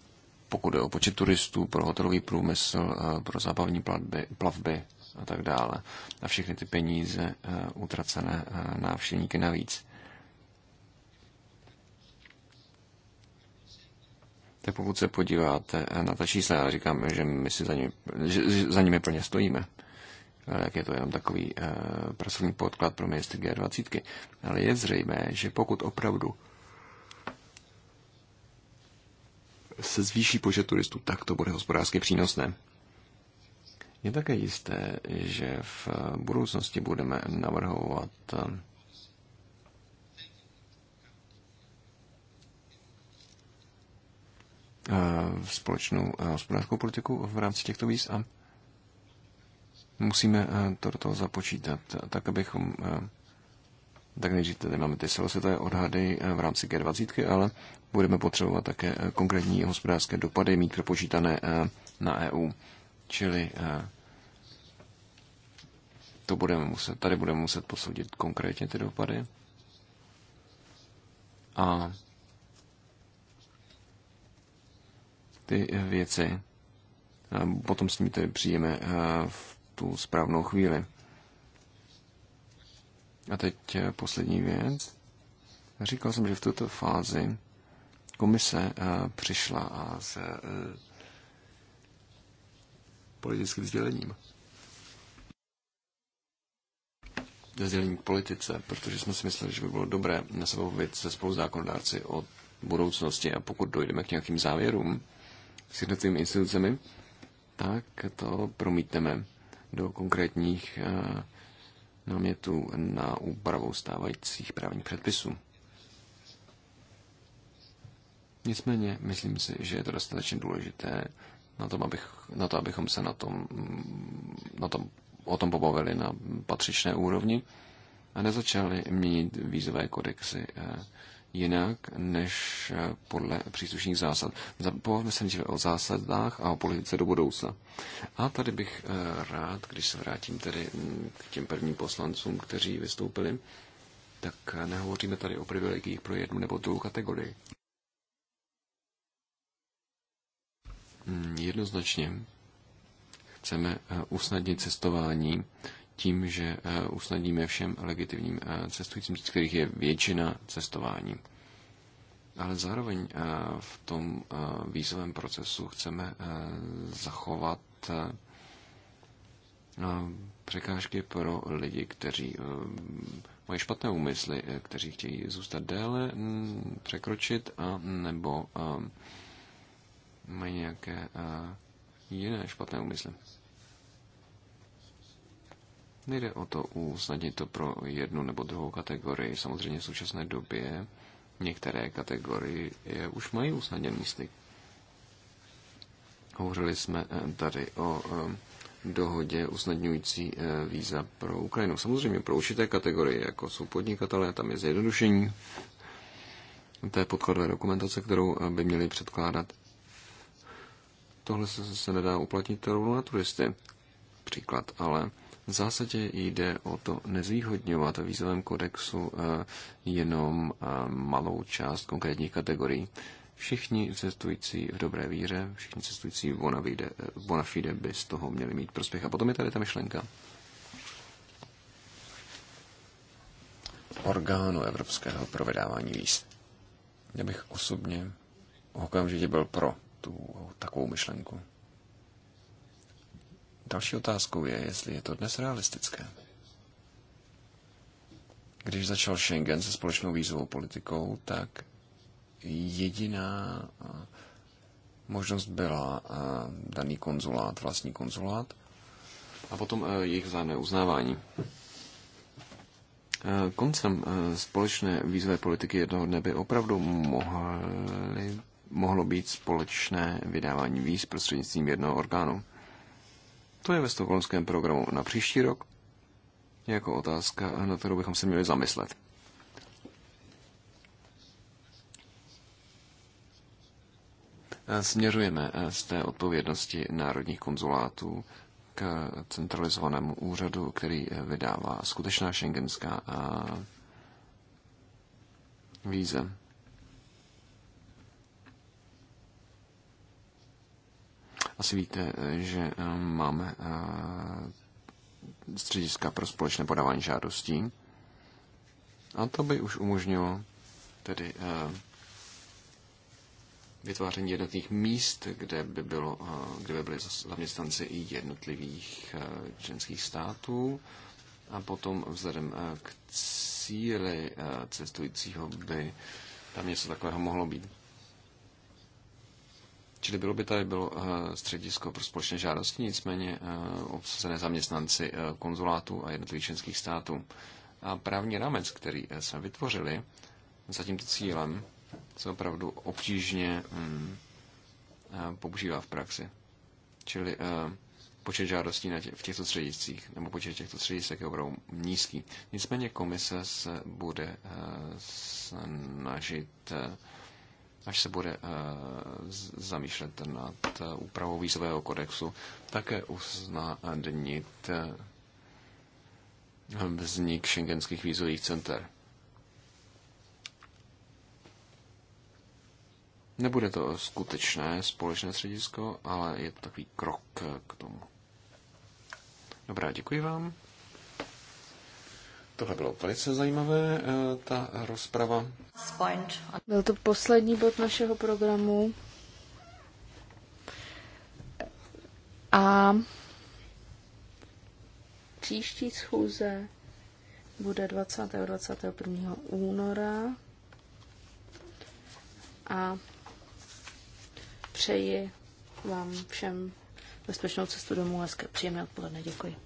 pokud je o počet turistů, pro hotelový průmysl, eh, pro zábavní platby, plavby a tak dále. A všechny ty peníze eh, utracené eh, návštěvníky navíc. Tak pokud se podíváte na ta čísla, já říkám, že my si za nimi, že za nimi plně stojíme, jak je to jenom takový pracovní podklad pro ministry G20, ale je zřejmé, že pokud opravdu se zvýší počet turistů, tak to bude hospodářsky přínosné. Je také jisté, že v budoucnosti budeme navrhovat eh, společnou eh, hospodářskou politiku v rámci těchto výz a musíme eh, to do toho započítat, tak abychom tak nejdřív tady máme ty celosvětové odhady eh, v rámci G20, ale budeme potřebovat také eh, konkrétní hospodářské dopady mít propočítané eh, na EU. Čili to budeme muset, tady budeme muset posoudit konkrétně ty dopady. A ty věci potom s nimi tedy přijeme v tu správnou chvíli. A teď eh, poslední věc. Říkal jsem, že v této fázi komise eh, přišla a s eh, politickým sdělením. Sdělení k politice, protože jsme si mysleli, že by bylo dobré na sebou věc se spolu zákonodárci o budoucnosti a pokud dojdeme k nějakým závěrům s jednotlivými institucemi, tak to promítneme do konkrétních námětu na úpravu stávajících právních předpisů. Nicméně, myslím si, že je to dostatečně důležité na, tom, abych, na to, abychom se na tom, mm, na tom, o tom pobavili na patřičné úrovni a nezačali měnit vízové kodexy eh, jinak než eh, podle příslušných zásad. Zapomeňme se nejdříve o zásadách a o politice do budoucna. A tady bych eh, rád, když se vrátím tedy mm, k těm prvním poslancům, kteří vystoupili, tak eh, nehovoříme tady o privilegiích pro jednu nebo druhou kategorii. Hmm, jednoznačně chceme usnadnit cestování tím, že eh, usnadníme všem legitimním eh, cestujícím, z kterých je většina cestování. Ale zároveň eh, v tom vízovém procesu chceme zachovat překážky pro lidi, kteří mají špatné úmysly, kteří chtějí zůstat déle, mm, překročit a nebo mají nějaké jiné špatné úmysly. Nejde o to usnadnit to pro jednu nebo druhou kategorii. Samozřejmě v současné době některé kategorie je už mají usnadněný styk. Hovořili jsme eh, tady o eh, dohodě usnadňující eh, víza pro Ukrajinu. Samozřejmě pro určité kategorie, jako jsou podnikatelé, tam je zjednodušení té podkladové dokumentace, kterou by měli předkládat. Tohle se, se nedá uplatnit rovnou na turisty. Příklad, ale v zásadě jde o to nezvýhodňovat v vízovém kodexu eh, jenom eh, malou část konkrétních kategorií. Všichni cestující v dobré víře, všichni cestující eh, bona fide by z toho měli mít prospěch. A potom je tady ta myšlenka. orgánu evropského provedávání víz. Já bych osobně okamžitě byl pro tu takovou myšlenku. Další otázkou je, jestli je to dnes realistické. Když začal Schengen se společnou výzvou politikou, tak jediná eh, možnost byla eh, daný konzulát, vlastní konzulát a potom eh, jejich vzájemné uznávání. Koncem společné výzvé politiky jednoho dne by opravdu mohly, mohlo být společné vydávání víz prostřednictvím jednoho orgánu. To je ve stokholmském programu na příští rok jako otázka, na kterou bychom se měli zamyslet. Směřujeme z té odpovědnosti národních konzulátů k centralizovanému úřadu, který vydává skutečná šengenská eh, víze. Asi víte, že eh, máme eh, střediska pro společné podávání žádostí. A to by už umožnilo tedy eh, vytváření jednotných míst, kde by, bylo, kde by byly zaměstnanci i jednotlivých členských států. A potom vzhledem k cíli cestujícího by tam něco takového mohlo být. Čili bylo by tady bylo eh, středisko pro společné žádosti, nicméně eh, obsazené zaměstnanci eh, konzulátů a jednotlivých členských států. A právní rámec, který jsme vytvořili za tímto cílem, se opravdu obtížně mm, používá v praxi. Čili počet žádostí na tě, v těchto střediscích, nebo počet těchto středisek je opravdu nízký. Nicméně komise se bude snažit až se bude eh, zamýšlet nad eh, úpravou výzového kodexu, také uznadnit eh, vznik šengenských výzových center. Nebude to skutečné společné středisko, ale je to takový krok k tomu. Dobrá, děkuji vám. Tohle bylo velice zajímavé, eh, ta rozprava. Byl to poslední bod našeho programu. A příští schůze bude 20. 21. února. A přeji vám všem bezpečnou cestu domů a příjemné odpoledne. Děkuji.